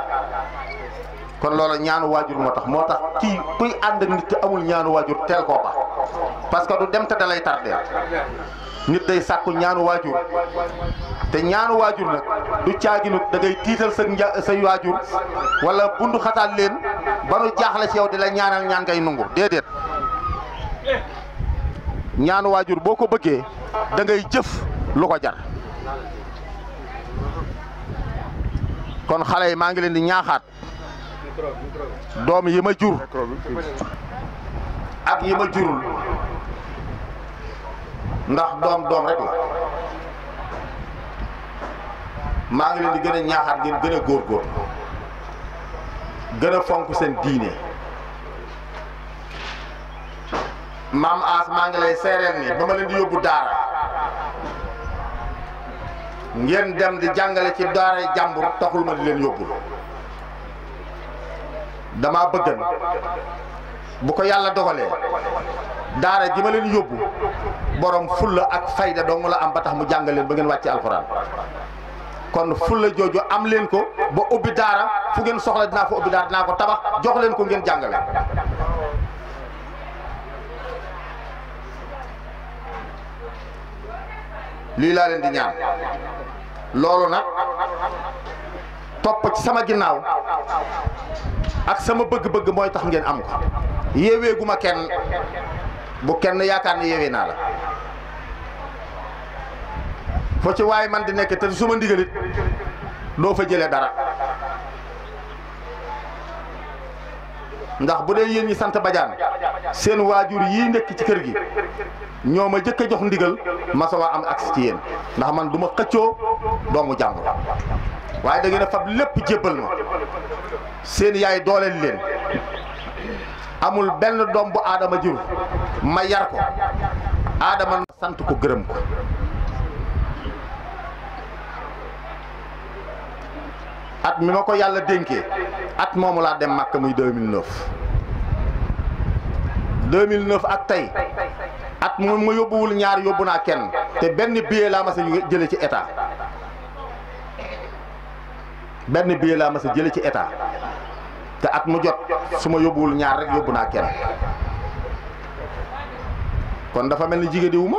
S9: kon loolu ñaanu waajur moo tax moo tax kii kuy ànd nit te amul ñaanu waajur teel koo ba parce que du dem te dalay tardé nit day sàkku ñaanu waajur te ñaanu waajur nag du caaginut da ngay tiital sa nja say waajur wala bundu xataal leen ba nu jaaxle ci yow di la ñaanal ñaan ngay nungu déedéet. ñaan waajur boo ko bëggee dangay jëf lu ko jar kon xale yi maa ngi leen di ñaaxaat doom yi ma jur ak yi ma jurul ndax doom doom rek la maa ngi leen di gën a ñaaxaat ngeen gën a góorgóor gën a fonk seen diine maam aas maa ngi lay seereel ni ba ma leen di yóbbu daara ngeen dem di jàngale ci daaray jàmbur taxul ma di leen yóbbul dama bëggan bu ko yàlla dogalee daara ji ma leen yóbbu borom fulla ak fayda dong la am ba tax mu jàngaleen ba ngeen wàcc alxuraan kon fulla jooju am leen ko ba ubbi daara fu ngeen soxla dinaa ko ubbi daara dinaa ko tabax jox leen ko ngeen jàngale
S5: lii laa leen di ñaan
S9: loolu nag topp
S5: ci sama ginnaaw
S9: ak sama bëgg-bëgg mooy tax ngeen am ko yéewee gu kenn bu kenn yaakaar ne yéewee naa la foo ci waaye man di nekk te su ma ndigalit doo fa jëlee dara ndax bu dee yéen ñi sant bajaan
S5: seen waajur yi
S9: nekk ci kër gi ñoo ma jëkk a jox ndigal ma soo am accès ci yéen ndax man du ma xëccoo doomu jàmbur waaye da ngeen fab lépp jébbal ma seen yaay dooleel leen amul benn doom bu aadama jur ma yar ko aadama sant ko gërëm ko at mi ma ko yàlla dénkee at moomu laa dem màkk muy 2009 2009 ak tey
S5: at mu ma yóbbuwul ñaar yóbbu naa kenn te benn
S9: billet laa mas a jële ci état benn billet laa mas a jële ci état te at mu jot su ma yóbbuwul ñaar rek yóbbu naa kenn kon dafa mel ni jigéen diwu ma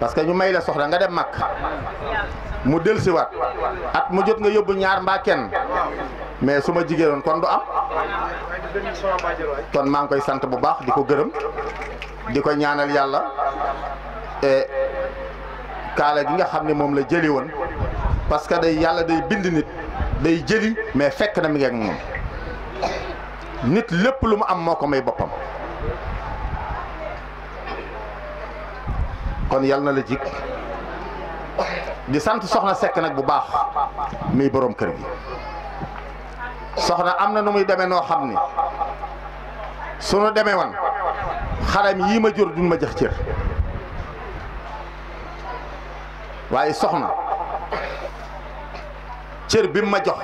S5: parce que ñu may la soxla nga dem màkk mu dellusiwaat at mu jot
S9: nga yóbbu ñaar mbaa kenn mais su ma jigéenoon kon du am kon maa ngi koy sant bu baax di ko gërëm di ko ñaanal yàlla kaale gi nga xam ne moom la jëli woon parce que day yàlla day bind nit day jëli mais fekk na mi ngi ak moom nit lépp lu mu am moo ko may boppam kon yàlla na la jik di sant soxna sekk nag bu baax muy boroom kër gi soxna am na nu muy deme noo xam ni sunu demee wan xalam yii ma jur duñ ma jëx cër waaye soxna cër bi mu ma jox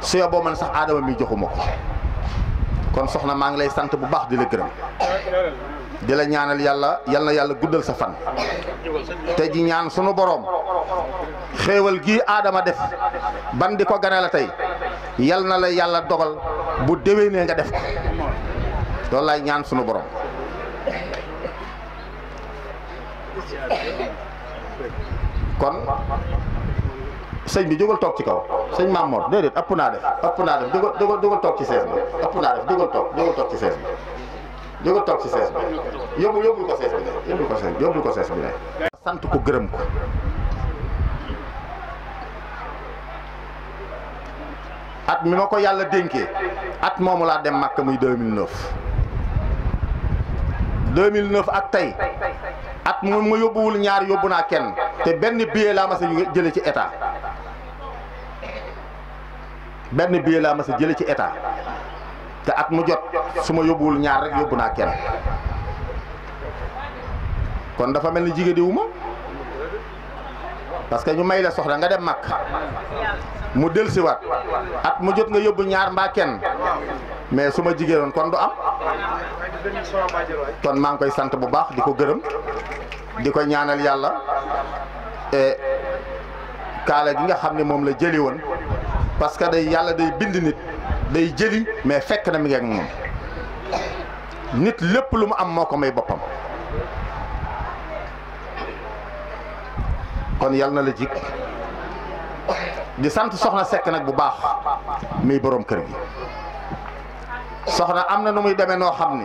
S9: su yoboo man sax aadama mi joxuma ko kon soxna maa ngi lay sant bu baax di la gërëm di la ñaanal yàlla yal yàlla guddal sa fan
S5: te ji ñaan sunu boroom xéewal gi aadama def ban
S9: di ko gane la tey yal na la yàlla dogal bu déwénee nga def ko loolu laay ñaan sunu boroom kon sëñ bi jógal toog ci kaw sëñ Maam Mor déedéet ëpp naa def ëpp naa def jógal jógal toog ci sees bi ëpp naa def jógal toog jógal toog ci sees bi jógal toog si sees bi yóbbu yóbbul ko sees bi ne yóbbul ko ko sees bi ne sant ko gërëm ko at mi ma ko yàlla dénkee at moomu laa dem màkk muy 2009 2009 ak tey at mu ma yóbbuwul ñaar yóbbu naa kenn te benn billet laa mas a jële ci état benn billet laa mas a jële ci état te at mu jot su ma yóbbuwul ñaar rek yóbbu naa kenn kon dafa mel ni jigéen diwuma
S5: wu parce que ñu may la soxla nga dem mag mu del at mu jot
S9: nga yóbbu ñaar mbaa kenn mais su ma jigéenoon kon du am kon maa ngi koy sant bu baax di ko gërëm di ko ñaanal yàlla e kaale gi nga xam ne moom la jëli woon parce que day yàlla day bind nit day jëli mais fekk na mi ngi moom nit lépp lu mu am moo ko may boppam kon yal na la jik di sant soxna sekk nag bu baax muy boroom kër gi soxna am na nu muy deme noo xam ni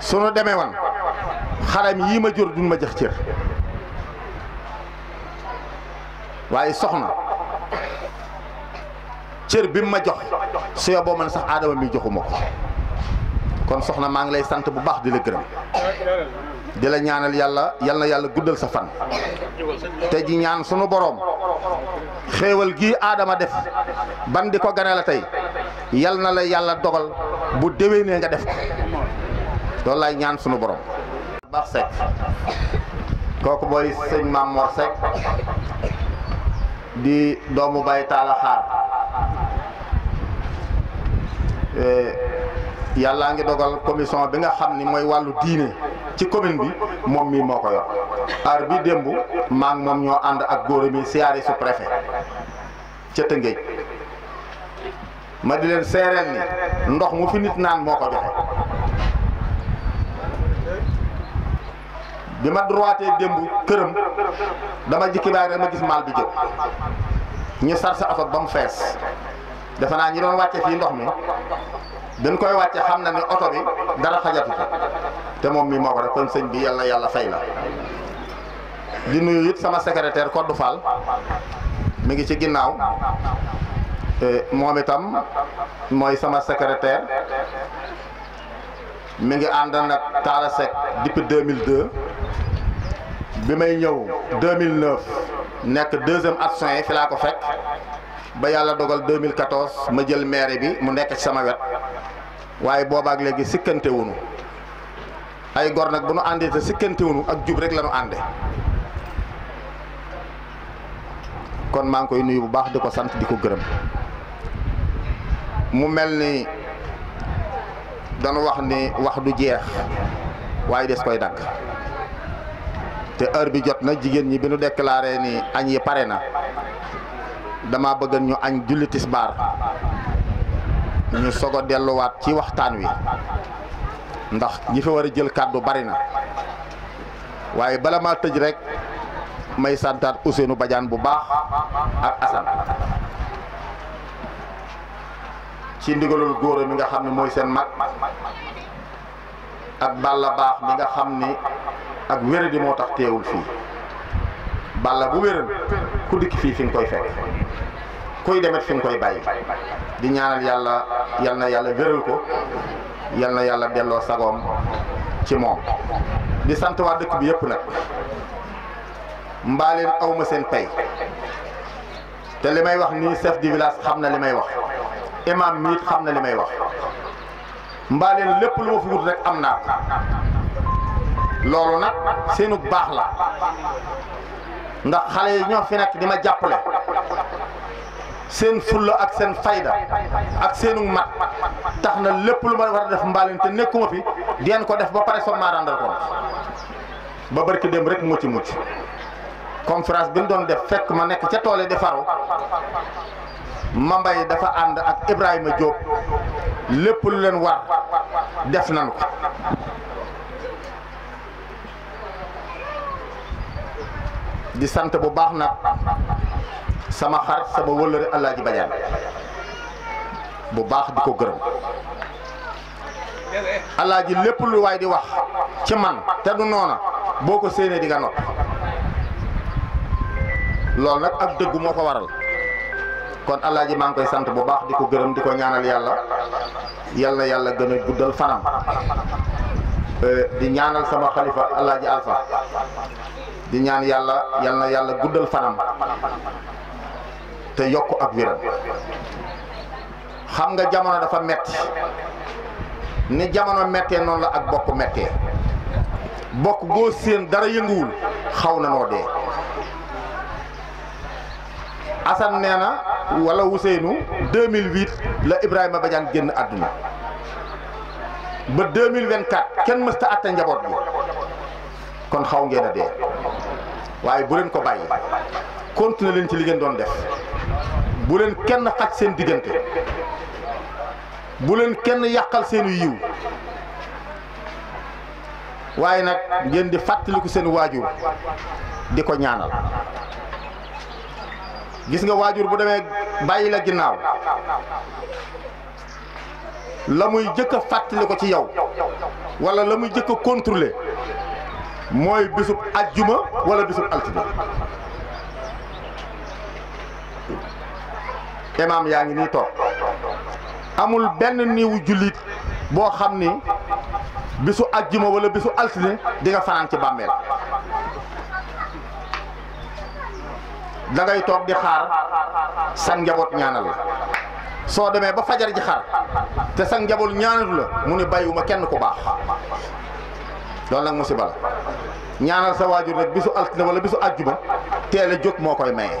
S9: sunu demee wan xaram yii ma jur duñ ma jëx cër waaye soxna cër bi mu ma jox boo yoboo man sax aadama mi joxuma ko kon soxna maa ngi lay sant bu baax di la gërëm di la ñaanal yàlla yal yàlla guddal sa fan
S5: te ji ñaan sunu boroom xéewal
S9: gi aadama def ban di ko gane la tey yal na la yàlla dogal bu déwénee nga def ko loolu lay ñaan sunu boroom baax Seck kooku mooy sëñ Maam Mor Seck di doomu Baye Talla Xaar Eh, yàllaa ngi dogal commission bi nga xam ni mooy wàllu diine ci commune bi moom mii moo ko yor heure bi démb maa moom ñoo ànd ak góor mi siyaare su préfet ca Tëngéej ma di leen seereel ni ndox mu fi nit naan moo ko joxe bi ma droitee démb këram dama jikki baay rek ma gis maal bi jóg ñu sar sa oto ba mu fees defe naa ñi doon wàcce fii ndox mi dañ koy wàcce xam na ne oto bi dara xajatu te moom mi moo ko def kon sëñ bi yàlla yàlla fay la di nuyu it sama secrétaire Codou Fall mi ngi ci ginnaaw e, moom itam
S5: mooy sama secrétaire
S9: mi ngi ànd nag Talla Seck mille 2002 bi may ñëw 2009 nekk deuxième adjoint fi laa ko fekk. ba yàlla dogal 2014 ma jël maire bi mu nekk ci sama wet waaye boobaak léegi sikkante wunu ay gor nag bu nu àndee te sikkante wunu ak jub rek la ànde kon maa ngi koy nuyu bu baax di ko sant di ko gërëm mu mel ni dañu wax ni wax du jeex waaye des koy dagg te heure bi jot na jigéen ñi bi nu déclaré ni añ yi pare na dama bëgg ñu añ julli tisbaar ñu soog a delluwaat ci waxtaan wi ndax ñi fi war a jël kàddu bari na waaye bala maa tëj rek may santaat useenu Badiane bu baax ak Assane ci ndigalul góor mi nga xam ne mooy seen mag ak Balla baax mi nga xam ni ak wéradi moo tax teewul fii Balla bu wéran ku dikk fii fi nga koy fekk kuy demet fi koy bàyyi di ñaanal yàlla yal na yàlla wéral ko yal na yàlla delloo sagoom ci moom di sant waa dëkk bi yépp nag mbaaleen awma seen pay te li may wax nii chef du village xam na li may wax imam miit xam na li may wax mbaaleen lépp lu ma fi wut am naa loolu nag seenu baax la ndax xale yi ñoo fi nekk di ma jàppale seen fulla ak seen fayda
S5: ak seenu mat tax
S9: na lépp lu ma war a def mbaalin te nekkuma fi deen ko def ba pare soog maa ràndal ko ba barki dem rek mucc mucc conférence bi ñu doon def fekk ma nekk ca tool yi di faru Mambay dafa ànd ak Ibrahima jóob lépp lu leen war def nañ ko di sant bu baax nag sama xar sama wëllëre Alaaji Badiane bu baax di ko gërëm Alaaji lépp lu waay di wax ci man te du noona boo ko séenee di nga nopp loolu nag ak dëgg moo ko waral kon Alaaji maa ngi koy sant bu baax di ko gërëm di ko ñaanal yàlla yal yàlla gën a guddal fanam euh, di ñaanal sama xalifa Alaaji alfa di ñaan yàlla yal yàlla guddal fanam te yokk ak wéram xam nga jamono dafa metti ni jamono mettee noon la ak bokk mettee bokk boo séen dara yënguwul xaw na noo dee Assane nee na wala Ousseynou 2008 la Ibrahima Badiane génn àdduna ba 2024 kenn mësta atte njaboot bi kon xaw ngeen a dee waaye bu leen ko bàyyi continuer leen ci li ngeen doon def buleen leen kenn xaj seen diggante buleen kenn yàqal seen yiw waaye nag ngeen di fàttaliku seen waajur di ko ñaanal gis nga waajur bu demee
S5: bàyyi la ginnaaw
S9: la muy jëkk a ko ci yow wala la muy jëkk a contrôler mooy bisub ajjuma wala bisub altine imaam yaa ngi nii toog amul benn niiwu jullit boo xam ni bisu ajjuma wala bisu altine di nga fanaan ci bàmmeel dangay toog di xaar sa njaboot ñaanal la soo demee ba fajar ji xaar te sa njaboot ñaanal la mu ni bàyyiwuma kenn ku baax loolu nag musiba la ñaanal sa waajur nag bisu altine wala bisu ajjuma teel a jóg moo koy maye.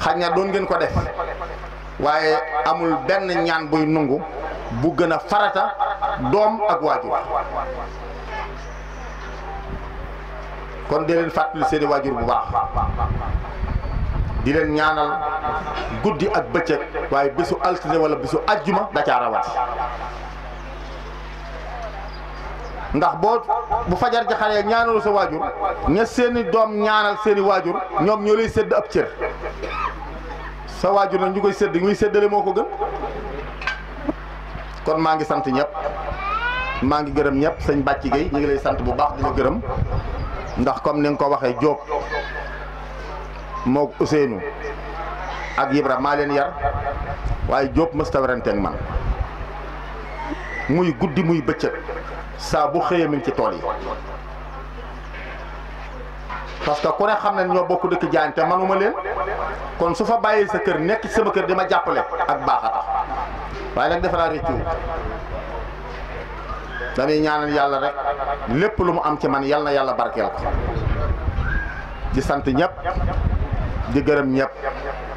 S9: xañ doon ngeen ko def waaye amul benn ñaan buy nungu bu gën a farata doom ak waajur kon di leen fàttali seeni waajur bu baax di leen ñaanal guddi ak bëccëg waaye bésu altine wala bésu ajjuma da caa rawat ndax boo bu fajar jaxalee ñaanaloo sa waajur ña seeni doom ñaanal seeni waajur ñoom ñoo lay sédd ab cër sa waajur na ñu koy sedd ñuy séddale moo ko gën kon maa ngi sant ñëpp maa ngi gërëm ñëpp sëñ Bàcci Gueye ñu ngi lay sant bu baax di gërëm ndax comme ni nga ko waxee Diop moog Ousseynou ak Ibra maa leen yar waaye Diop mësta werante man muy guddi muy bëccëg saa bu xëyee mi ci tool yi parce que ku ne xam ne ñoo bokk dëkk jaañ te manuma leen kon su fa bàyyi sa kër nekk sama kër dima jàppale ak baax a tax waaye nag defe naa rëccu dañuy yàlla rek lépp lu mu am ci man yal na yàlla barkeel ko di sant ñëpp di gërëm ñëpp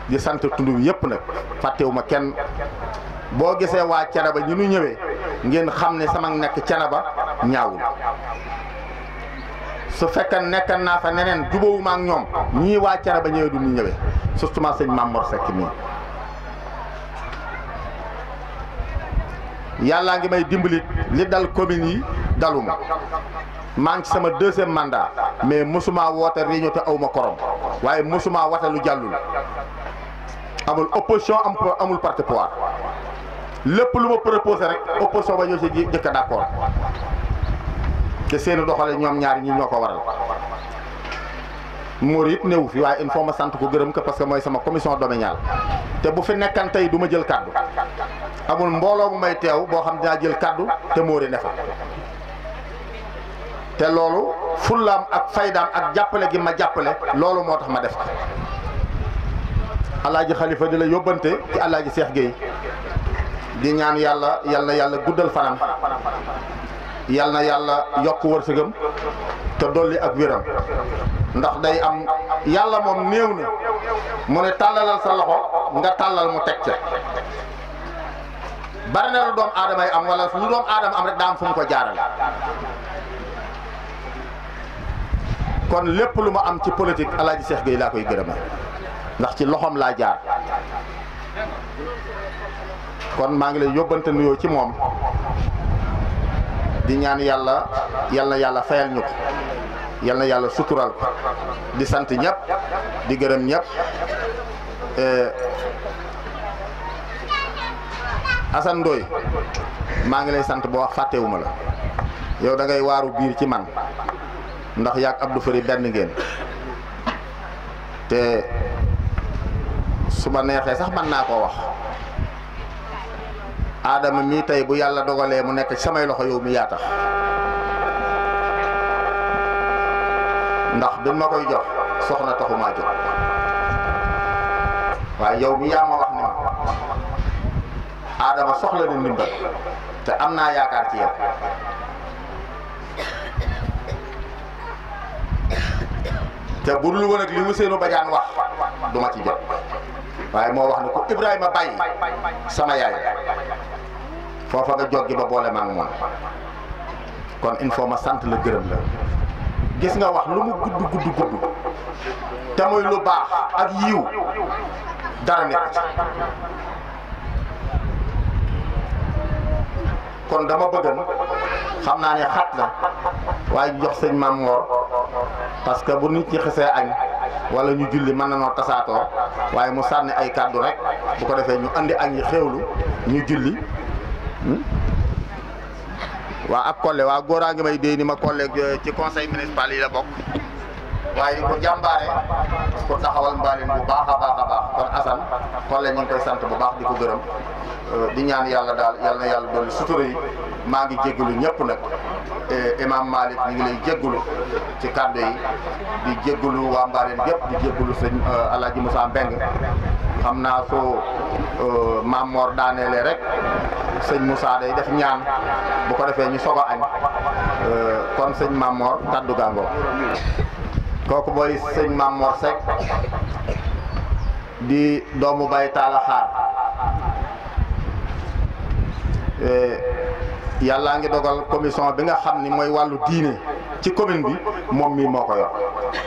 S9: di sant tund yépp yëpp nag fàttewuma kenn boo gisee waa cere ba ñu nu ñëwee ngeen xam ne sama nekk ba ñaawul su fekkee nekkan naa fa neneen jubóowuma ak ñoom ñii waa canaba ñëwee du ñu ñëwee surtout sëñ Mamor Seck mii yàllaa ngi may dimbali li dal commune yi daluma maa sama deuxième mandat mais mosuma woote réunion te aw ma korom waaye mosuma woote lu jàllul amul opposition amul parti pouvoir lépp lu ma proposé rek opposition ba ñoo ci jëkk a d'accord te seeni doxale ñoom ñaar ñii ñoo ko waral Mor it néew fi waaye il ma sant ko gërëm ko parce que mooy sama commission domaniale te bu fi nekkan tey du ma jël kàddu amul mbooloo mu may teew boo xam dinaa jël kàddu te Mor ne fa te loolu fullaam ak faydaam ak jàppale gi ma jàppale loolu moo tax ma def ko xalifa di la yóbbante ci alaaji Seex Géey di ñaan yàlla yàlla na yàlla guddal fanam yal na yàlla yokk sëgam te dolli ak wéram ndax day am yàlla moom néew na mu ne tàllalal sa loxo nga tàllal mu teg ca bari na lu doom aadama yi am wala lu doom aadama am rek daa am fu mu ko jaarale kon lépp lu ma am ci politique alaaji Cheikh Gueye laa koy gërëma ndax ci loxoom laa jaar kon maa ngi lay yóbbante nuyoo ci moom di ñaan yàlla yal yàlla fayal ñu ko yal yàlla sutural di sant ñëpp di gërëm ñëpp eh, Assane maa ngi lay sant boo wax fàttewuma la yow da ngay waaru biir ci man ndax yaag Abdou Fari benn ngeen te su ma neexee sax man naa koo wax aadama mii tey bu yàlla dogalee mu nekk samay loxo yow mi yaa tax ndax bi ma koy jox soxna taxu maa jox waaye yow mi yaa ma wax ne ma aadama soxla na ndimbal te am naa yaakaar ci yow te bu dul woon ak li mu seenu bajaan wax duma ci jot waaye moo wax ne ko Ibrahima bàyyi sama yaay foofa nga joggi ba boole ma ak moom kon il faut ma sant la gërëm la gis nga wax lu mu gudd gudd gudd te muy lu baax ak yiw dara nekk ci kon dama bëggoon xam naa ne xat la waaye jox sëñ maam Ngor parce que bu nit ñi xasee añ wala ñu julli mën na noo tasaatoo waaye mu sànni ay kàddu rek bu ko defee ñu andi añ yi xéewlu ñu julli waa ak Kolle waa goraa ngi may déy ni ma Kolle euh, ci conseil municipal yi la bokk waaye di ku jàmbaare ku taxawal mbaaleen bu baax a baax a baax kon Assane kon la ñu koy sant bu baax di ko gërëm euh, di ñaan yàlla daal yàlla na yàlla doon sutura yi maa ngi jégalu ñëpp nag e, imam Malick ñu ngi lay jégalu ci kàddu yi di jégalu waa mbaaleen gépp di jégalu sëñ euh, Alaaji Moussa Mbeng xam naa soo euh, maam daaneele rek sëñ Moussa day def ñaan bu ko defee ñu soog a añ kon sëñ maam Mor kàddu gàngoo kooku mooy sëñ Maam Mor Seck di doomu Baye Talla Xaar eh, yàllaa ngi dogal commission bi nga xam ni mooy wàllu diine ci commune bi moom mii moo ko yor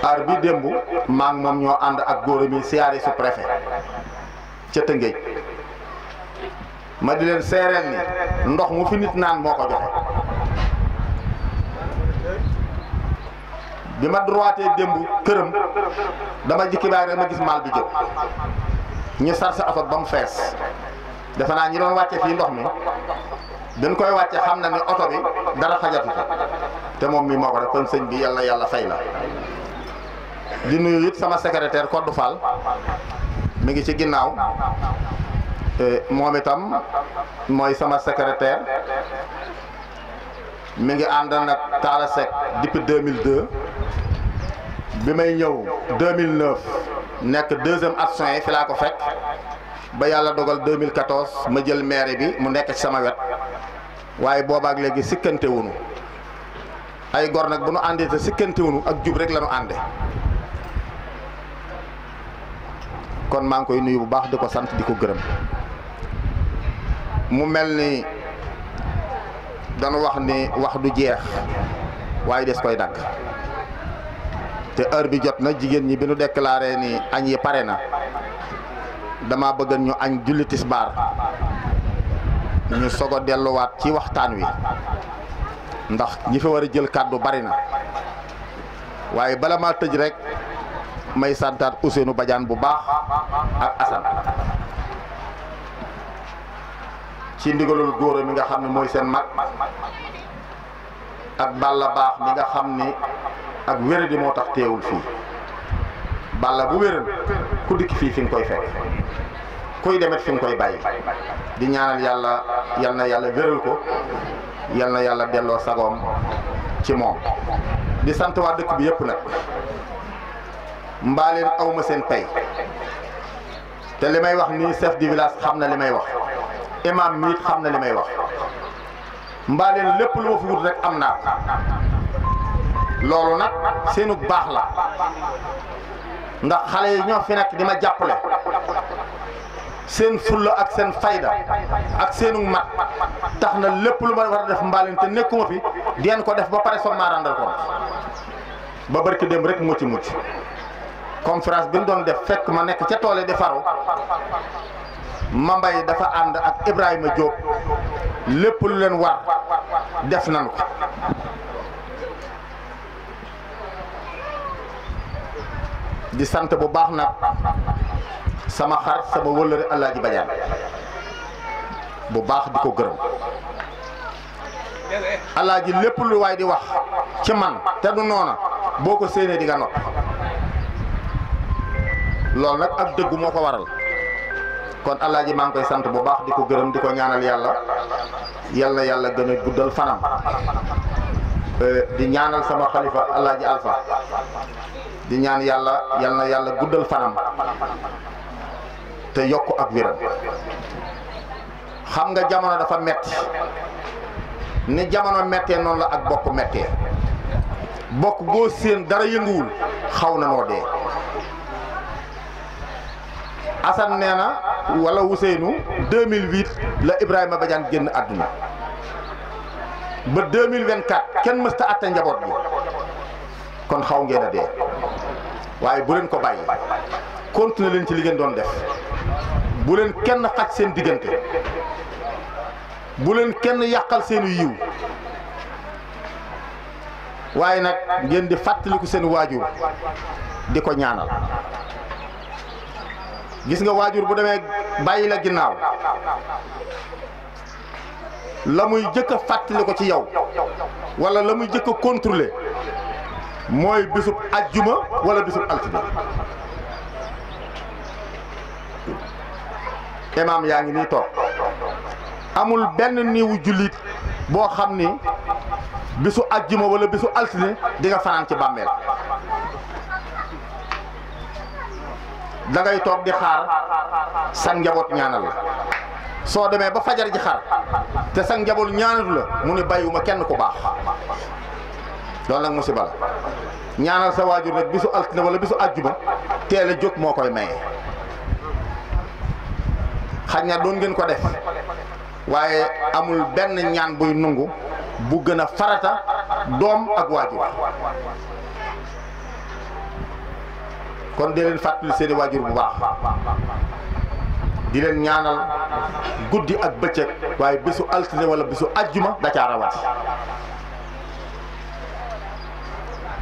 S9: aar bi démb maa ngi moom ñoo ànd ak góor mi siyaare su préfet ca Tëngéej ma di leen seereel
S5: ni ndox mu
S9: fi nit naan moo ko joxe bi ma droité démb këram dama ji xibaar rek ma gis maal bi jóg ñu sar sa oto ba mu fees defe naa ñi doon wàcce fii ndox mi dañ koy wàcce xam na ne oto bi dara xajatu te moom mi moo ko rek kon sëñ bi yàlla yàlla fay la di nuyu it sama secrétaire Codou Fall mi ngi ci ginnaaw eh, moom itam mooy sama secrétaire mi ngi àndal nag Talla Seck depuis 2002 bi may ñëw 2009 nekk deuxième action yi fi laa ko fekk ba yàlla dogal 2014 ma jël maire bi mu nekk ci sama wet waaye boobaak léegi sikkante wunu ay gor nag bu nu àndee te sikkante ak jub rek lanu ànde kon maa ngi koy nuyu bu baax di ko sant di ko gërëm mu mel ni dañu wax ni wax du jeex waaye des koy dagg te heure bi jot na jigéen ñi bi nu déclaré ni añ yi pare na dama bëgg ñu añ julli tisbaar ñu soog a delluwaat ci waxtaan wi ndax ñi fi war a jël kàddu bari na waaye bala maa tëj rek may santaat Ousseynou Badiane bu baax ak Assane ci ndigalul góor mi nga xam ne mooy seen mag ak balla baax mi nga xam ni ak wéra di moo tax teewul fii balla bu wéran ku dikk fii fi nga koy fekk kuy demet fi nga koy bàyyi di ñaanal yàlla yal na yàlla wéral ko yal na yàlla delloo sagoom ci moom di sant waa dëkk bi yépp nag mbaaleen awma seen pay te li may wax nii chef du village xam na li may wax imaam mi it xam na li may wax mbaa lépp lu ma fi wut rek am naa loolu nag seenu baax la ndax xale yi ñoo fi nekk di ma jàppale seen fulla ak seen fayda ak seenu mat tax na lépp lu ma war a def mbaaleen te nekkuma fi deen ko def ba pare soo maarandal ko ba barki dem rek mucc mucc conférence bi ñu doon def fekk ma nekk ca toole di faru ma Mambay dafa ànd ak ibraahima jóob lépp lu leen war def nañ ko di sant bu baax na sama xar sama wëllëre Alaaji Badiane bu baax di ko gërëm Alaaji lépp lu waay di wax ci man te du noona boo ko séenee di nga nopp loolu nag ak dëggu moo ko waral. kon alaaji maa ngi koy sant bu baax di ko gërëm di ko ñaanal yàlla yàlla gën a guddal fanam euh, di ñaanal sama xalifa alaaji alfa di ñaan yàlla yal na yàlla guddal fanam te yokk ak wéram xam nga jamono dafa metti ni jamono mettee noonu la ak bokk mettee bokk boo séen dara yënguwul xaw na noo dee Assane nee na wala Ousseynou 2008 la Ibrahima Badiane génn àdduna ba 2024 kenn mësta atte njaboot bi kon xaw ngeen a dee waaye bu leen ko bàyyi continuer leen ci li ngeen doon def bu leen kenn xaj seen diggante bu leen kenn yàqal seenu yiw waaye nag
S5: ngeen di fàttaliku seen waajur
S9: di ko ñaanal. gis nga waajur bu demee
S5: bàyyi la ginnaaw
S9: la muy jëkk a fàttali ko ci yow wala la muy jëkk a contrôler mooy bisub ajjuma wala bisu altine imaam yaa ngi nii toog amul benn niiwu jullit boo xam ni bisu ajjuma wala bisu altine di nga fanaan ci bàmmeel da ngay toog di xaar sa njaboot ñaanal la soo demee ba fajar ji xaar te sa njaboot ñaanal la mu ne bàyyiwuma kenn ku baax loolu nag musiba la ñaanal sa waajur nag bisu altine wala bisu àjjuma teel a jóg moo koy maye xaj na doon ngeen ko def waaye amul benn ñaan buy nungu bu gën a farata doom ak waajur kon di leen fàttali seen i waajur bu baax di leen ñaanal guddi ak bëccëg waaye bisu altine wala bisu ajjuma da caa rawati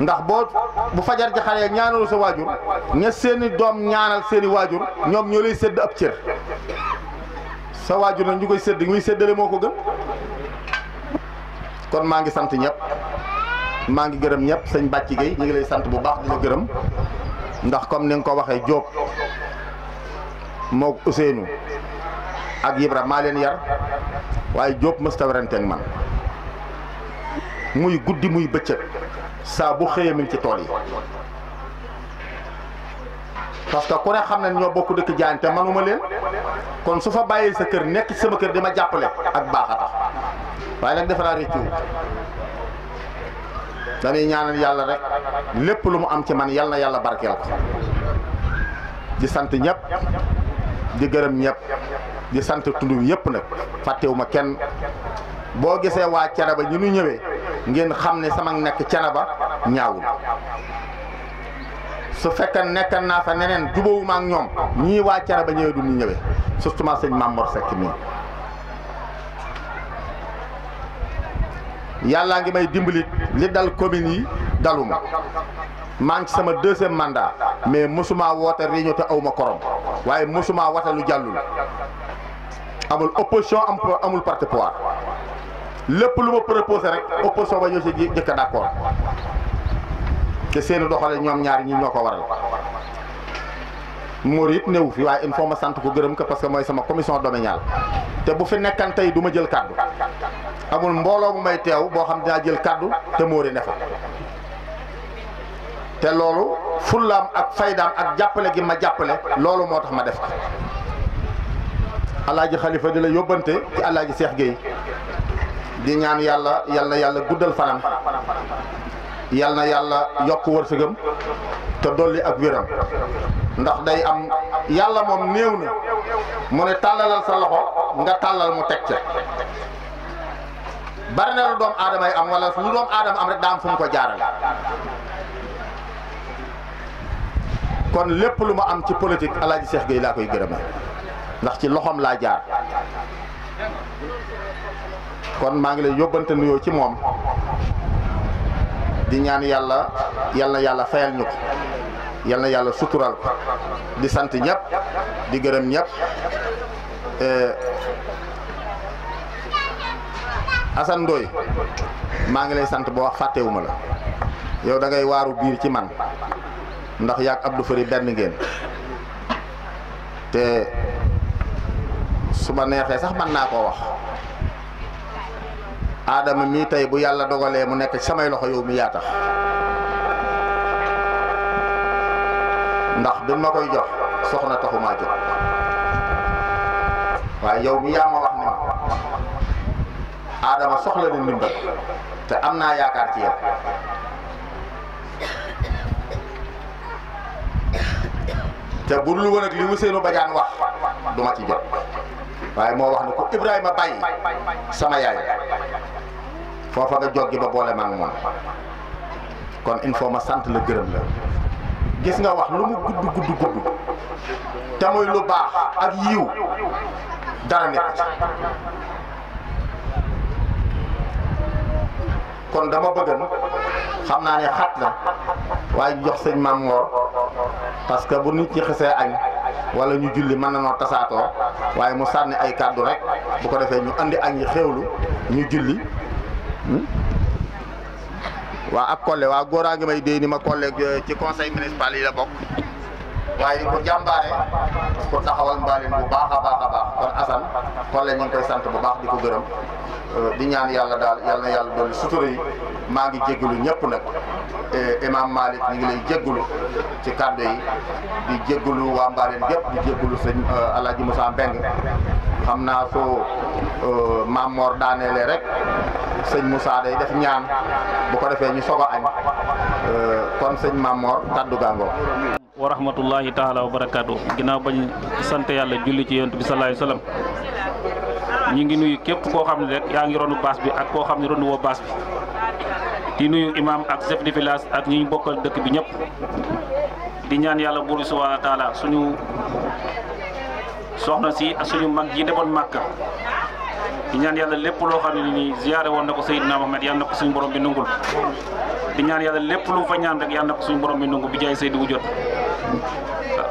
S9: ndax boo bu fajar ji xale ñaanalu sa waajur ña seen doom ñaanal seen waajur ñoom ñoo lay sedd ab cër sa waajur na ñu koy sédd muy séddale moo ko gën kon maa ngi sant ñëpp maa ngi gërëm ñëpp sëñ Bàcci Gueye ñu ngi lay sant bu baax di la gërëm ndax comme ni nga ko waxee Diop moog Ousseynou ak Ibra maa leen yar waaye jóob mësta weranteeg man muy guddi muy bëccëg saa bu xëyee mi ci tool yi parce que ku ne xam ne ñoo bokk dëkk jaan te manuma leen kon su fa bàyyee sa kër nekk sama kër dama jàppale ak baax a tax waaye nag defe
S5: naa dañuy
S9: ñaanal yàlla rek lépp lu mu am ci man yal na yàlla barkeel di sant ñëpp di gërëm ñépp
S5: di sant tund
S9: bi yëpp nag fàttewuma kenn boo gisee waa cere ba ñu nu ñëwee ngeen xam ne sama nekk ba ñaawul su fekkee nekkan naa fa neneen jubawuma ñoom ñii waa cere Thiénaba ñëwee du ñu ñëwee surtout sëñ Mamour Seck mii yàllaa ngi may dimbali li dal communes yi daluma maa ngi sama deuxième mandat mais mosuma woote réunion te awma korom waaye mosuma wate lu jàllul amul opposition am amul parti pouvoir lépp lu ma proposé rek opposition ba ñoo si jëkk d'accord te seeni doxale ñoom ñaar ñii ñoo ko waral Mor it new fi waaye il ma sant ko gërëm ko parce que mooy sama commission domaniale te bu fi nekkan tey du ma jël kàddu amul mbooloo mu may teew boo xam dinaa jël kàddu te Mori ne fa te loolu fullaam ak faydaam ak jàppale gi ma jàppale loolu moo tax ma def ko xalifa di la yóbbante ci alaaji Seex Géey di ñaan yàlla yàlla yàlla guddal fanaan yal na yàlla yokk wërsëgam te dolli ak wéram ndax day am yàlla moom néew na mu ne tàllalal sa loxo nga tàllal mu teg ca bari na lu doom aadama yi am wala lu doom aadama am rek daa am fu mu ko jaarale kon lépp lu ma am ci politique alaaji Cheikh Gueye laa koy gërëme ndax ci loxoom laa jaar kon maa ngi lay yóbbante nuyoo ci moom di ñaan yàlla yàlla yàlla fayal ñu ko yal yàlla sutural di sant ñëpp di gërëm ñëpp eh, Assane maa ngi lay sant boo wax fàttewuma la yow dangay waaru biir ci man ndax yaag Abdou Fari benn ngeen te su ma neexee sax man naa koo wax aadama mii tey bu yàlla dogalee mu nekk samay loxo yow mi yaa tax ndax bi ma koy jox soxna taxumaa jox waaye yow mi yaa ma wax ni ma aadama soxla na ndimbal te am naa yaakaar ci yow te bu dul woon ak li mu bajaan wax du ma ci jot waaye moo wax ne ko Ibrahima bàyyi sama yaay foofa nga joggi ba boole ma ak moom kon il faut ma sant la gërëm la gis nga wax lu mu gudd gudd gudd te muy lu baax ak yiw dara nekk ci kon dama bëggoon xam naa ne xat na waaye jox sëñ man Mor parce que bu nit ñi xasee añ wala ñu julli mën na noo tasaatoo waaye mu sànni ay kàddu rek bu ko defee ñu andi añ yi xéewlu ñu julli Hmm? waa ak Kolle waa góoraa ngi may déy ni ma Kolle eh, ci conseil municipal yi la bokk waaye di ku jàmbaare ku taxawal mbaaleen bu baax a baax a baax kon Assane kon koy sant bu baax di ko gërëm euh, di ñaan yàlla daal yàlla na yàlla doon sutura yi maa ngi jégalu ñëpp nag euh, imam Malick ñu ngi lay jégalu ci kàddu yi di jégalu waa mbaaleen yëpp di jégalu sëñ euh, Alaaji Moussa Mbeng xam naa soo Maam Mor daaneele rek sëñ Moussa day def ñaan bu ko defee ñu soog a añ kon sëñ Mamor kaddu gaango
S3: wa rahmatullahi
S9: taala wa barakaatu ginnaaw
S3: bañ sant yàlla julli ci yonent bi sa alayhi ñu ngi nuyu képp koo xam ne rek yaa ngi ronu baas bi ak koo xam ni ronu woo baas bi di nuyu imam ak chef ak ñi ñu bokkal dëkk bi ñëpp di ñaan yàlla buur subhaana taala suñu soxna si ak suñu mag yi demoon màkka di ñaan yàlla lépp loo xam ne nii ziyaare woon na ko Seydina Mohamed yàlla na ko suñu borom bi nungul di ñaan yàlla lépp lu fa ñaan rek yàlla na ko suñu borom bi nungu bi jaay Seydou wu jot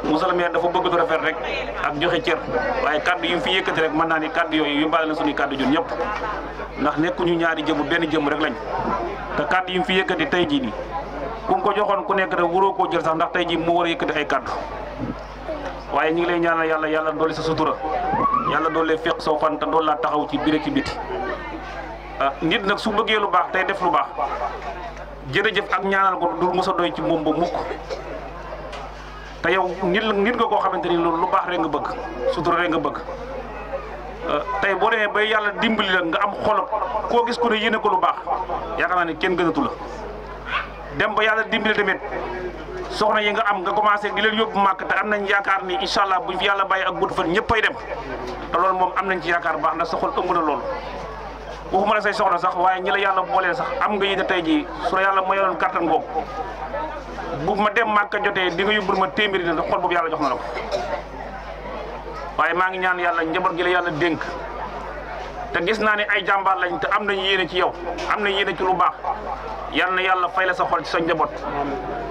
S3: Moussa Lamère dafa bëgg du rafet rek ak joxe cër waaye kaddu yu mu fi yëkkati rek mën naa ni kaddu yooyu yóbbaale na suñuy kaddu ñun ñëpp ndax nekkuñu ñaari jëmm benn jëmm rek lañ te kaddu yu mu fi yëkkati tey jii nii ku ko joxoon ku nekk rek waroo koo jël sax ndax tey jii mu war a yëkkati ay yàlla doole féq soo fan te dool laa taxaw ci biir ci biti ah, nit nag su bëggee lu baax tey def lu baax jërëjëf ak ñaanal ko du mos a doy ci moom ba mukk te yow nit nit nga koo xamante ni loolu lu baax rek nga bëgg sutura rek nga bëgg ah, tey boo demee ba yàlla dimbali la nga am xolop koo gis ku ne yéene ko lu baax yaakaar naa ne kenn gënatu la dem ba yàlla dimbali tamit soxna yi nga am nga commencé di leen yóbbu màkk te am nañ yaakaar ni incha allah yàlla bàyyi ak gudd fan ñëppay dem te loolu moom am nañ ci yaakaar baax na sa xol ëmb na loolu waxuma la say soxla sax waaye ñi yàlla boolee sax am nga yéene tey ji su la yàlla mayoon kàttan googu bu ma dem màkk jotee di nga yóbbul ma téeméeri dina xol boobu yàlla jox na la ko waaye maa ngi ñaan yàlla njaboot gi la yàlla dénk te gis naa ne ay jàmbaar lañ te am nañu yéene ci yow am nañu yéene ci lu baax yal na yàlla fay la sa xol ci sa njaboot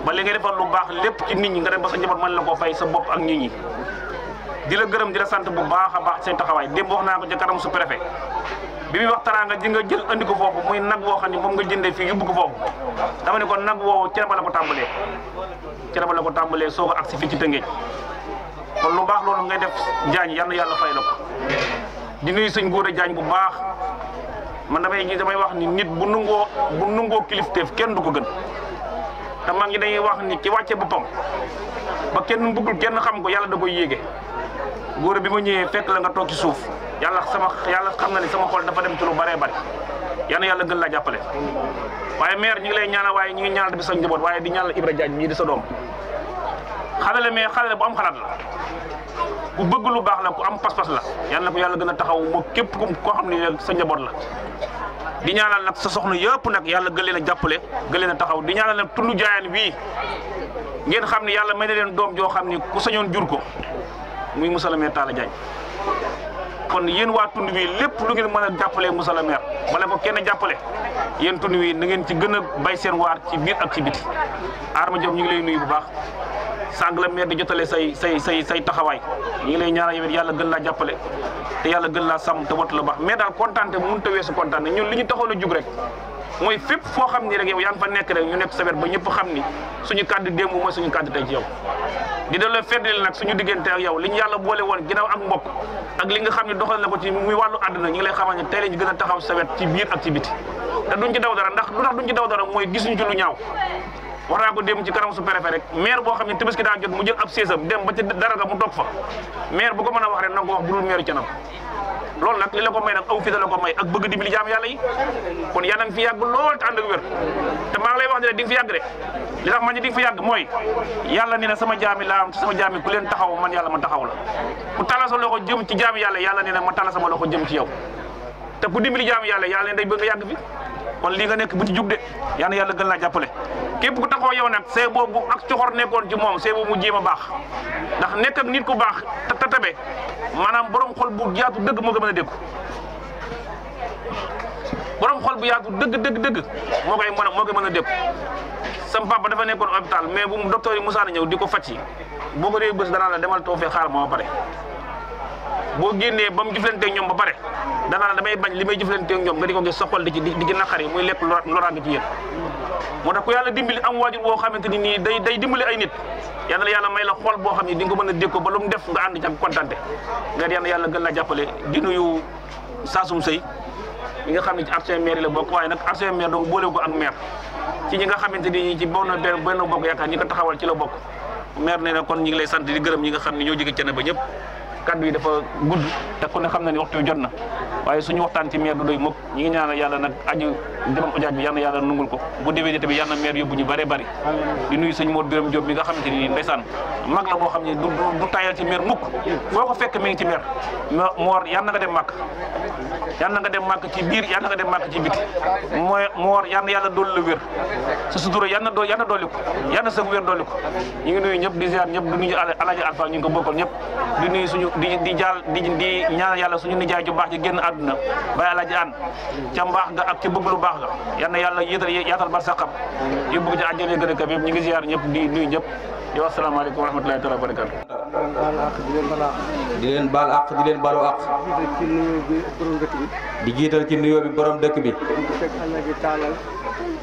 S3: ba li nga lu baax lépp ci nit ñi nga dem ba sa njaboot mën la koo fay sa bopp ak ñii ñi. di la gërëm di la sant bu baax a baax seen taxawaay démb wax naa ko ci kanam su préfet bi muy wax taraanga ji nga jël andi ko foofu muy nag woo xam ne moom nga jënde fii yóbbu ko foofu dama ne ko nag woowu cere ba la ko tàmbalee cere ba la ko tàmbalee soo ko agsi ci Tëngéej lu baax loolu ngay def jaañ yal yàlla fay la di nuyu sëñ Gora Diagne bu baax man damay ñi damay wax ni nit bu nungoo bu nungoo kilifteef kenn du ko gën te mag ñi dañuy wax nit ki wàcce boppam ba kenn bëggul kenn xam ko yàlla da koy yéege góor bi mu ñëwee fekk la nga toog ci suuf yàlla sama yàlla xam na ni sama xool dafa dem ci lu baree bari yal yàlla gën laa jàppale waaye maire ñu ngi lay ñaana waaye ñu ngi ñaanal bi sa njaboot waaye di ñaanal Ibra Diagne mii di sa doom xale la mais xale bu am xalaat la ku bëgg lu baax la ku am pas-pas la yàlla na ko yàlla gën a taxaw moo képp ku koo xam ne sa njaboot la di ñaanal nag sa soxna yëpp nag yàlla gën leen jàppale gën leen taxaw di ñaanal nag tund jaayaan wii ngeen xam ne yàlla may na leen doom joo xam ni ku sañoon jur ko muy Moussa Lamine Talla Diagne kon yéen waa tund wi lépp lu ngeen mën a jàppale musal a maire wala ko kenn jàppale yéen tund wi na ngeen ci gën a bay seen waar ci biir ak ci biti Arma ñu ngi lay nuyu bu baax sàgg la maire di jotale say say say say taxawaay ñu ngi lay ñaanal yow yàlla gën laa jàppale te yàlla gën laa sàmm te wattu la baax mais daal kontaan te mënut a weesu kontaan ñun li ñu taxoon a jug rek mooy fépp foo xam ni rek yow yaa ngi fa nekk rek ñu nekk sa wet ba ñëpp xam ni suñu kàddu démb mooy suñu kàddu tey ci yow di delloo feddali nag suñu diggante ak yow li ñu yàlla boole woon ginnaaw ak mbokk ak li nga xam ne doxal na ko ci muy wàllu àdduna ñu ngi lay xamal ne tey lañu gën a taxaw sa ci biir ak ci biti te duñ ci daw dara ndax lu tax duñ lu ñaaw wax naa ko démb ci kanam su préfet rek maire boo xam ne tabaski daa jot mu jël ab seesam dem ba ci dara ga mu toog fa maire bu ko mën a wax rek na nga ko wax bu dul maire canam loolu nag li la ko may nag aw fi da la ko may ak bëgg dimbali jaam yàlla yi kon yàlla nga fi yàgg lool te ànd ak wér te maa ngi lay wax ne di nga fi yàgg de li tax ma ne di nga fi yàgg mooy yàlla nee na sama jaami laa am te sama jaami ku leen taxaw man yàlla ma taxaw la ku tàlla sa loxo jëm ci jaami yàlla yàlla nee na ma tàlla sama loxo jëm ci yow te ku dimbali jaam yàlla yàlla ne day bëgg nga yàgg fi kon lii nga nekk bu ci jug de yal na yàlla gën laa jàppale képp ku taxoo yow nag see bu ak coxor nekkoon ci moom see mu jéem a baax ndax nekk ak nit ku baax te te tabe maanaam borom xol bu yaatu dëgg moo mën a dékku borom xol bu yaatu dëgg dëgg dëgg moo koy mën a moo koy mën a dékku sam papa dafa nekkoon hôpital mais bu docteur yi musaana ñëw di ko faj yi boo ko dee bés danaa la demal too fee xaar moo pare boo génnee ba mu jëflanteeg ñoom ba pare danaa la damay bañ li may jëflanteeg ñoom nga di ko gis soxal di ci di ci naqar yi muy lekk loraange ci yéen moo tax ku yàlla dimbali am waajur boo xamante ni nii day day dimbali ay nit yal yàlla may la xool boo xam ne di nga ko mën a dékko ba lu mu def nga ànd ci ak kontante nga yal yàlla gën la jàppale di nuyu saasum sëy mi nga xam ne ci ancien maire la bokk waaye nag ancien maire donc boole ko ak maire ci ñi nga xamante ni ci bon benn benn bokk yaakaar ñi ko taxawal ci la bokk maire nee na kon ñi ngi lay sant di gërëm ñi nga xam ne ñoo jóge cene ba ñëpp kaddu yi dafa gudd te a ne xam na ni waxtu wi jot na waaye suñu waxtaan ci maire du doy mukk ñi ngi ñaanal yàlla nag aju demam ujaaj bi yàlla yàlla nungul ko bu déwénee bare di nuyu nga xamante ni ndeysaan la boo xam ne du tayal ci maire mukk foo ko fekk mi ngi ci maire moor yàlla na la wér sa sutura yàlla na yàlla dolli ko yàlla na sa wér dolli ko ñu ngi nuyu ñëpp di ziar suñu di di jàll di di ñaan yàlla suñu nijaay ju baax ji génn àdduna bàyyi alaaji an ca mbaax ga ak ci bëgg lu baax ga yal na yàlla yéetal yaatal bar saqam yóbbu ci àjjana gën a kawe ñu ngi ziar ñëpp di nuyu ñëpp di wax salaamaaleykum wa rahmatulahi taala wa barakaatu di
S4: leen baal di leen baalu àq di jiital ci nuyoo bi borom dëkk bi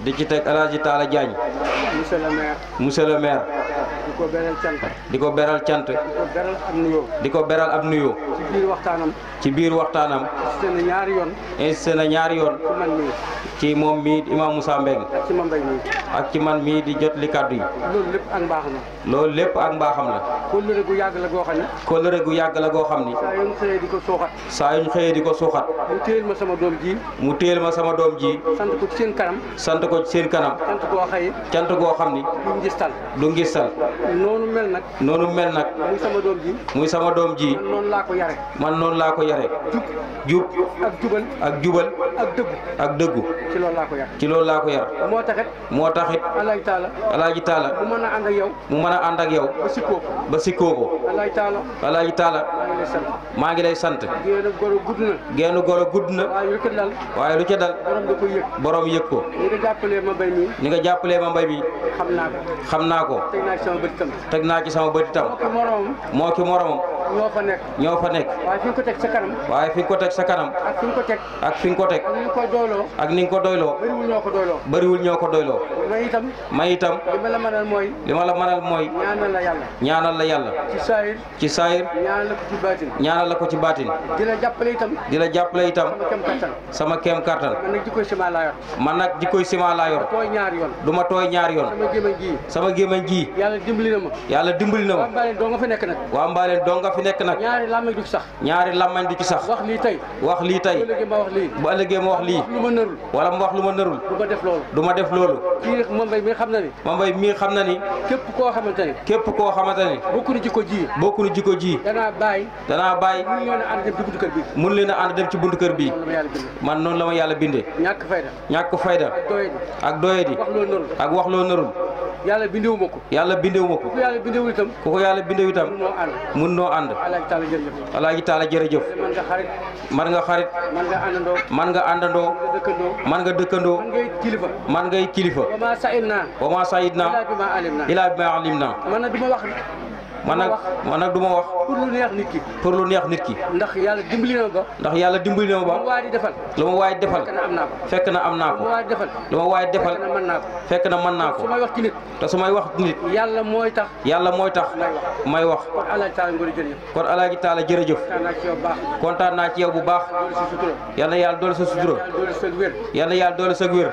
S4: di ci teg El Hadj Talla Diagne. monsieur le maire.
S7: di ko beral cant.
S4: di ko beral cant. di ko
S7: beral ab nuyoo.
S4: di ko beral ab nuyoo. ci biir waxtaanam. ci biir waxtaanam.
S7: insisté na ñaari yoon.
S4: insisté ñaari yoon. ci man mii. ci moom mii imam Moussa Mbengue.
S7: ak ci man mii.
S4: ak ci man mii di jot li kàddu yi.
S7: loolu lépp ak mbaax la.
S4: loolu lépp ak mbaaxam la. kóllëre gu yàgg la goo xam ne. kóllëre gu yàgg la goo xam ni. saa yuñ xëyee di ko suuxat. saa yuñ xëyee di ko suuxat. mu téyel ma sama doom jii mu téel ma sama doom ji. sant seen kanam. sant ko ci seen kanam. sant goo xëy. cant goo xam ni. du ngistal. du ngistal.
S7: noonu mel nag.
S4: noonu mel nag. muy sama doom ji. muy sama doom ji. man noonu laa ko yare. man noonu laa ko yare. jub ak jubal. ak jubal. ak dëggu. dëggu. ci loolu laa ko yar. ci loolu laa ko yar. moo taxit. moo taxit. alaaji taala. alaaji
S7: mu mën a ànd ak yow.
S4: a ànd ak yow ba sikkoo ko alaaji taala maa ngi lay sant geenu goro gudd na waaye lu ca dal borom yëg ko ni nga jàppalee ma mbay mi xam naa ko teg naa ci sama bët itam moo ki moromam ñoo fa nekk ñoo fa nekk
S7: waaye fi nga ko teg sa kanam
S4: waaye fi nga ko teg sa kanam ak fi nga ko teg ak fi nga ko teg
S7: ak ni nga ko doyloo
S4: ak ni nga ko doyloo
S7: bëriwul ñoo ko doyloo
S4: bëriwul ñoo ko doyloo may itam may itam
S7: li ma la mënal mooy
S4: li ma la mënal mooy ñaanal la yàlla ñaanal la yàlla ci saayir ci saayir
S7: ñaanal la ko ci baatin
S4: ñaanal la ko ci baatin
S7: di la jàppale itam
S4: di la jàppale itam sama kem kattan man
S7: nag jikkoy ciment laa yor
S4: man nag jikkoy ciment laa yor
S7: tooy ñaar yoon
S4: du ma tooy ñaar yoon sama gémmañ gi sama gémmañ gi yàlla dimbali na ma yàlla dimbali na ma waa mbaaleen doo nga fa nekk nag waa mbaaleen doo nga fi nekk nag. ñaari làmmañ du sax. ñaari làmmañ du ci sax. wax lii tey. wax lii tey. ma wax lii. bu ëllëgee ma wax lii. wala mu wax lu ma nërul. du ma def loolu. du ma def mi xam na ni. Mbaye mi xam na ni. képp koo xamante ni. képp koo xamante ni. bokkunu jikko ji. bokkunu jikko ji.
S7: danaa bàyyi.
S4: danaa bàyyi. mun leen ànd dem ci buntu kër bi. mun leen a ànd dem ci buntu kër bi. man noonu la ma yàlla bindee. ñàkk fayda. ñàkk fayda. ak doyadi.
S7: ak wax loo nërul.
S4: yàlla bindewu ma ko yàlla bindewu ma ko ku ko yàlla bindewu itam ku ko yàlla bindewu itam mun noo ànd alaaji taala jërëjëf man nga xarit man nga àndandoo man nga dëkkandoo man ngay kilifa wa ma sayid naa ilaa bi ma alim naa man na duma wax man nag man nag du ma wax. pour lu neex nit ki. pour lu neex nit ki. ndax yàlla dimbali na ba. ndax yàlla dimbali na ba. lu ma waay defal. lu ma waay defal. fekk na am naa ko.
S7: lu ma waay defal.
S4: fekk na man naa ko. may wax ci nit. te su may wax ci nit. yàlla mooy tax. yàlla mooy tax. may wax. kon alaaji taala jërëjëf. kontaan naa ci yow bu baax. yal yàlla doole sa sutura. yal na yàlla doole sa wér.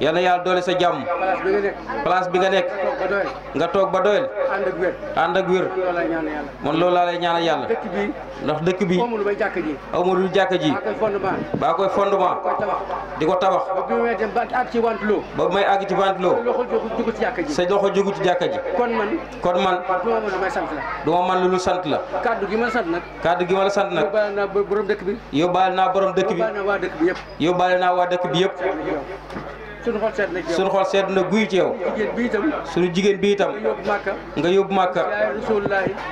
S4: yal na yàlla doole sa jàmm.
S7: place bi nga nekk.
S4: nga toog ba doyel. ànd ak ànd ak wér man loolu laa lay ñaanal yàlla ndox dëkk bi amul bay jàkk ji amul jàkk ji baa koy fondement di ko tabax ba may àgg ci bantloo sa loxo jógu jàkka jàkk ji kon man kon man du ma man lu lu sant la kàddu gi ma la sant nag kàddu gi ma la sant nag yóbbaale naa borom dëkk bi yóbbaale naa borom dëkk bi yóbbaale naa waa dëkk bi yëpp yóbbaale waa dëkk yëpp
S7: suñu xol seet na ci yow suñu xol
S4: seet ci yow. jigéen bi itam suñu jigéen bi nga yóbbu Màkka nga yóbbu Màkka.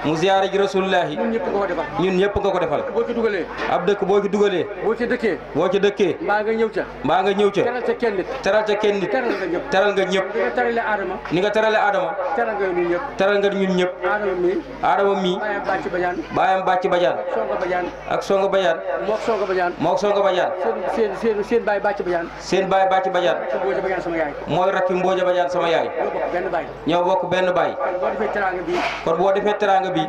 S4: mu ziyaare ji Rasulullaahi. ñun ñëpp nga ko defal ñun ñëpp nga ko defal. boo ci dugalee. ab dëkk boo ci dugalee. boo ci dëkkee. boo ci dëkkee. mbaa nga ñëw ca. mbaa nga ñëw ca. teral ca kenn nit. teral ca kenn nit. teral nga ñëpp. ni
S7: nga terale Adama.
S4: ni nga terale teral nga ñun ñëpp. teral mi ñun ñëpp. Adama mii. Adama mii. baayam bàcc bajaan. ak songa bajaan. mook songa bajaan. seen baay bàcc bajaan. mooy rakki Mbooja Badiane sama yaay ñoo bokk benn baay kon boo defee teraanga bi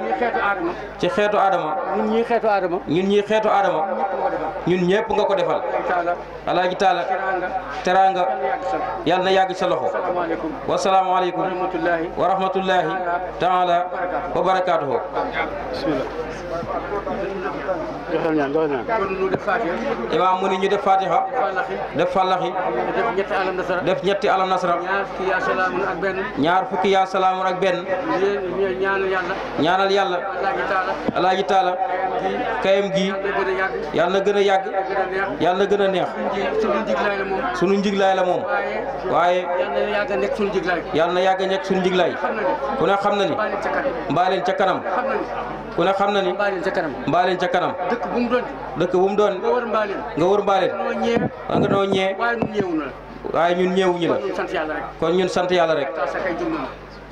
S4: ci xeetu Adama ñun ñii xeetu Adama ñun ñëpp nga ko defal alaaji taala teraanga yàlla na yàgg sa loxo wasalaamaaleykum wa rahmatullahi taala wa barakaatuhu imaam mu ni ñu def def ñetti alam nasara ñaar fukki yaa salaamun ak benn ñaanal yàlla ñaanal yàlla alaaji taala kayam gi yàlla na gën a yàgg yàlla na gën a neex sunu
S7: njiglaay la moom sunu njiglaay la moom waaye yàlla na yàgg a
S4: nekk sunu njiglaay
S7: ku ne xam na ni mbaa leen ca kanam
S4: ku ne xam na ni mbaa ca kanam mbaa leen kanam dëkk bu mu doon mu doon
S7: nga wër mbaa leen
S4: nga wër mbaa leen nga doon ñee waaye ñun ñeewuñu la kon ñun sant yàlla rek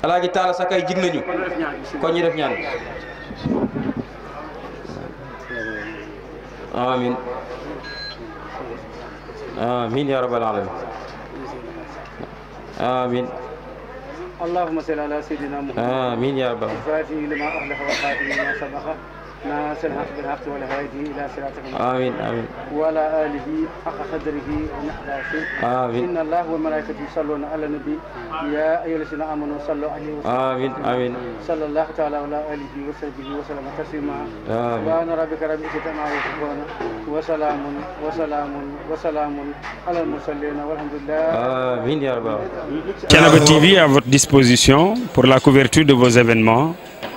S4: alaaji taala sakay jig nañu kon ñu def ñaan amin amin ya rabbal alamin amin
S7: اللهم صل على سيدنا محمد آمين يا رب الفاتح لما أغلق والخاتم لما سبق ناصر الحق بالحق ولا هادي الى صراطك
S8: امين امين
S7: وعلى اله حق قدره ونحبه امين ان الله وملائكته يصلون على النبي يا ايها الذين امنوا صلوا عليه وسلموا امين امين صلى الله تعالى على اله وصحبه وسلم تسليما سبحان ربك رب العزه عما يصفون وسلام وسلام وسلام على المرسلين والحمد لله
S4: امين يا رب Thiénaba TV
S2: à votre disposition pour la couverture de vos événements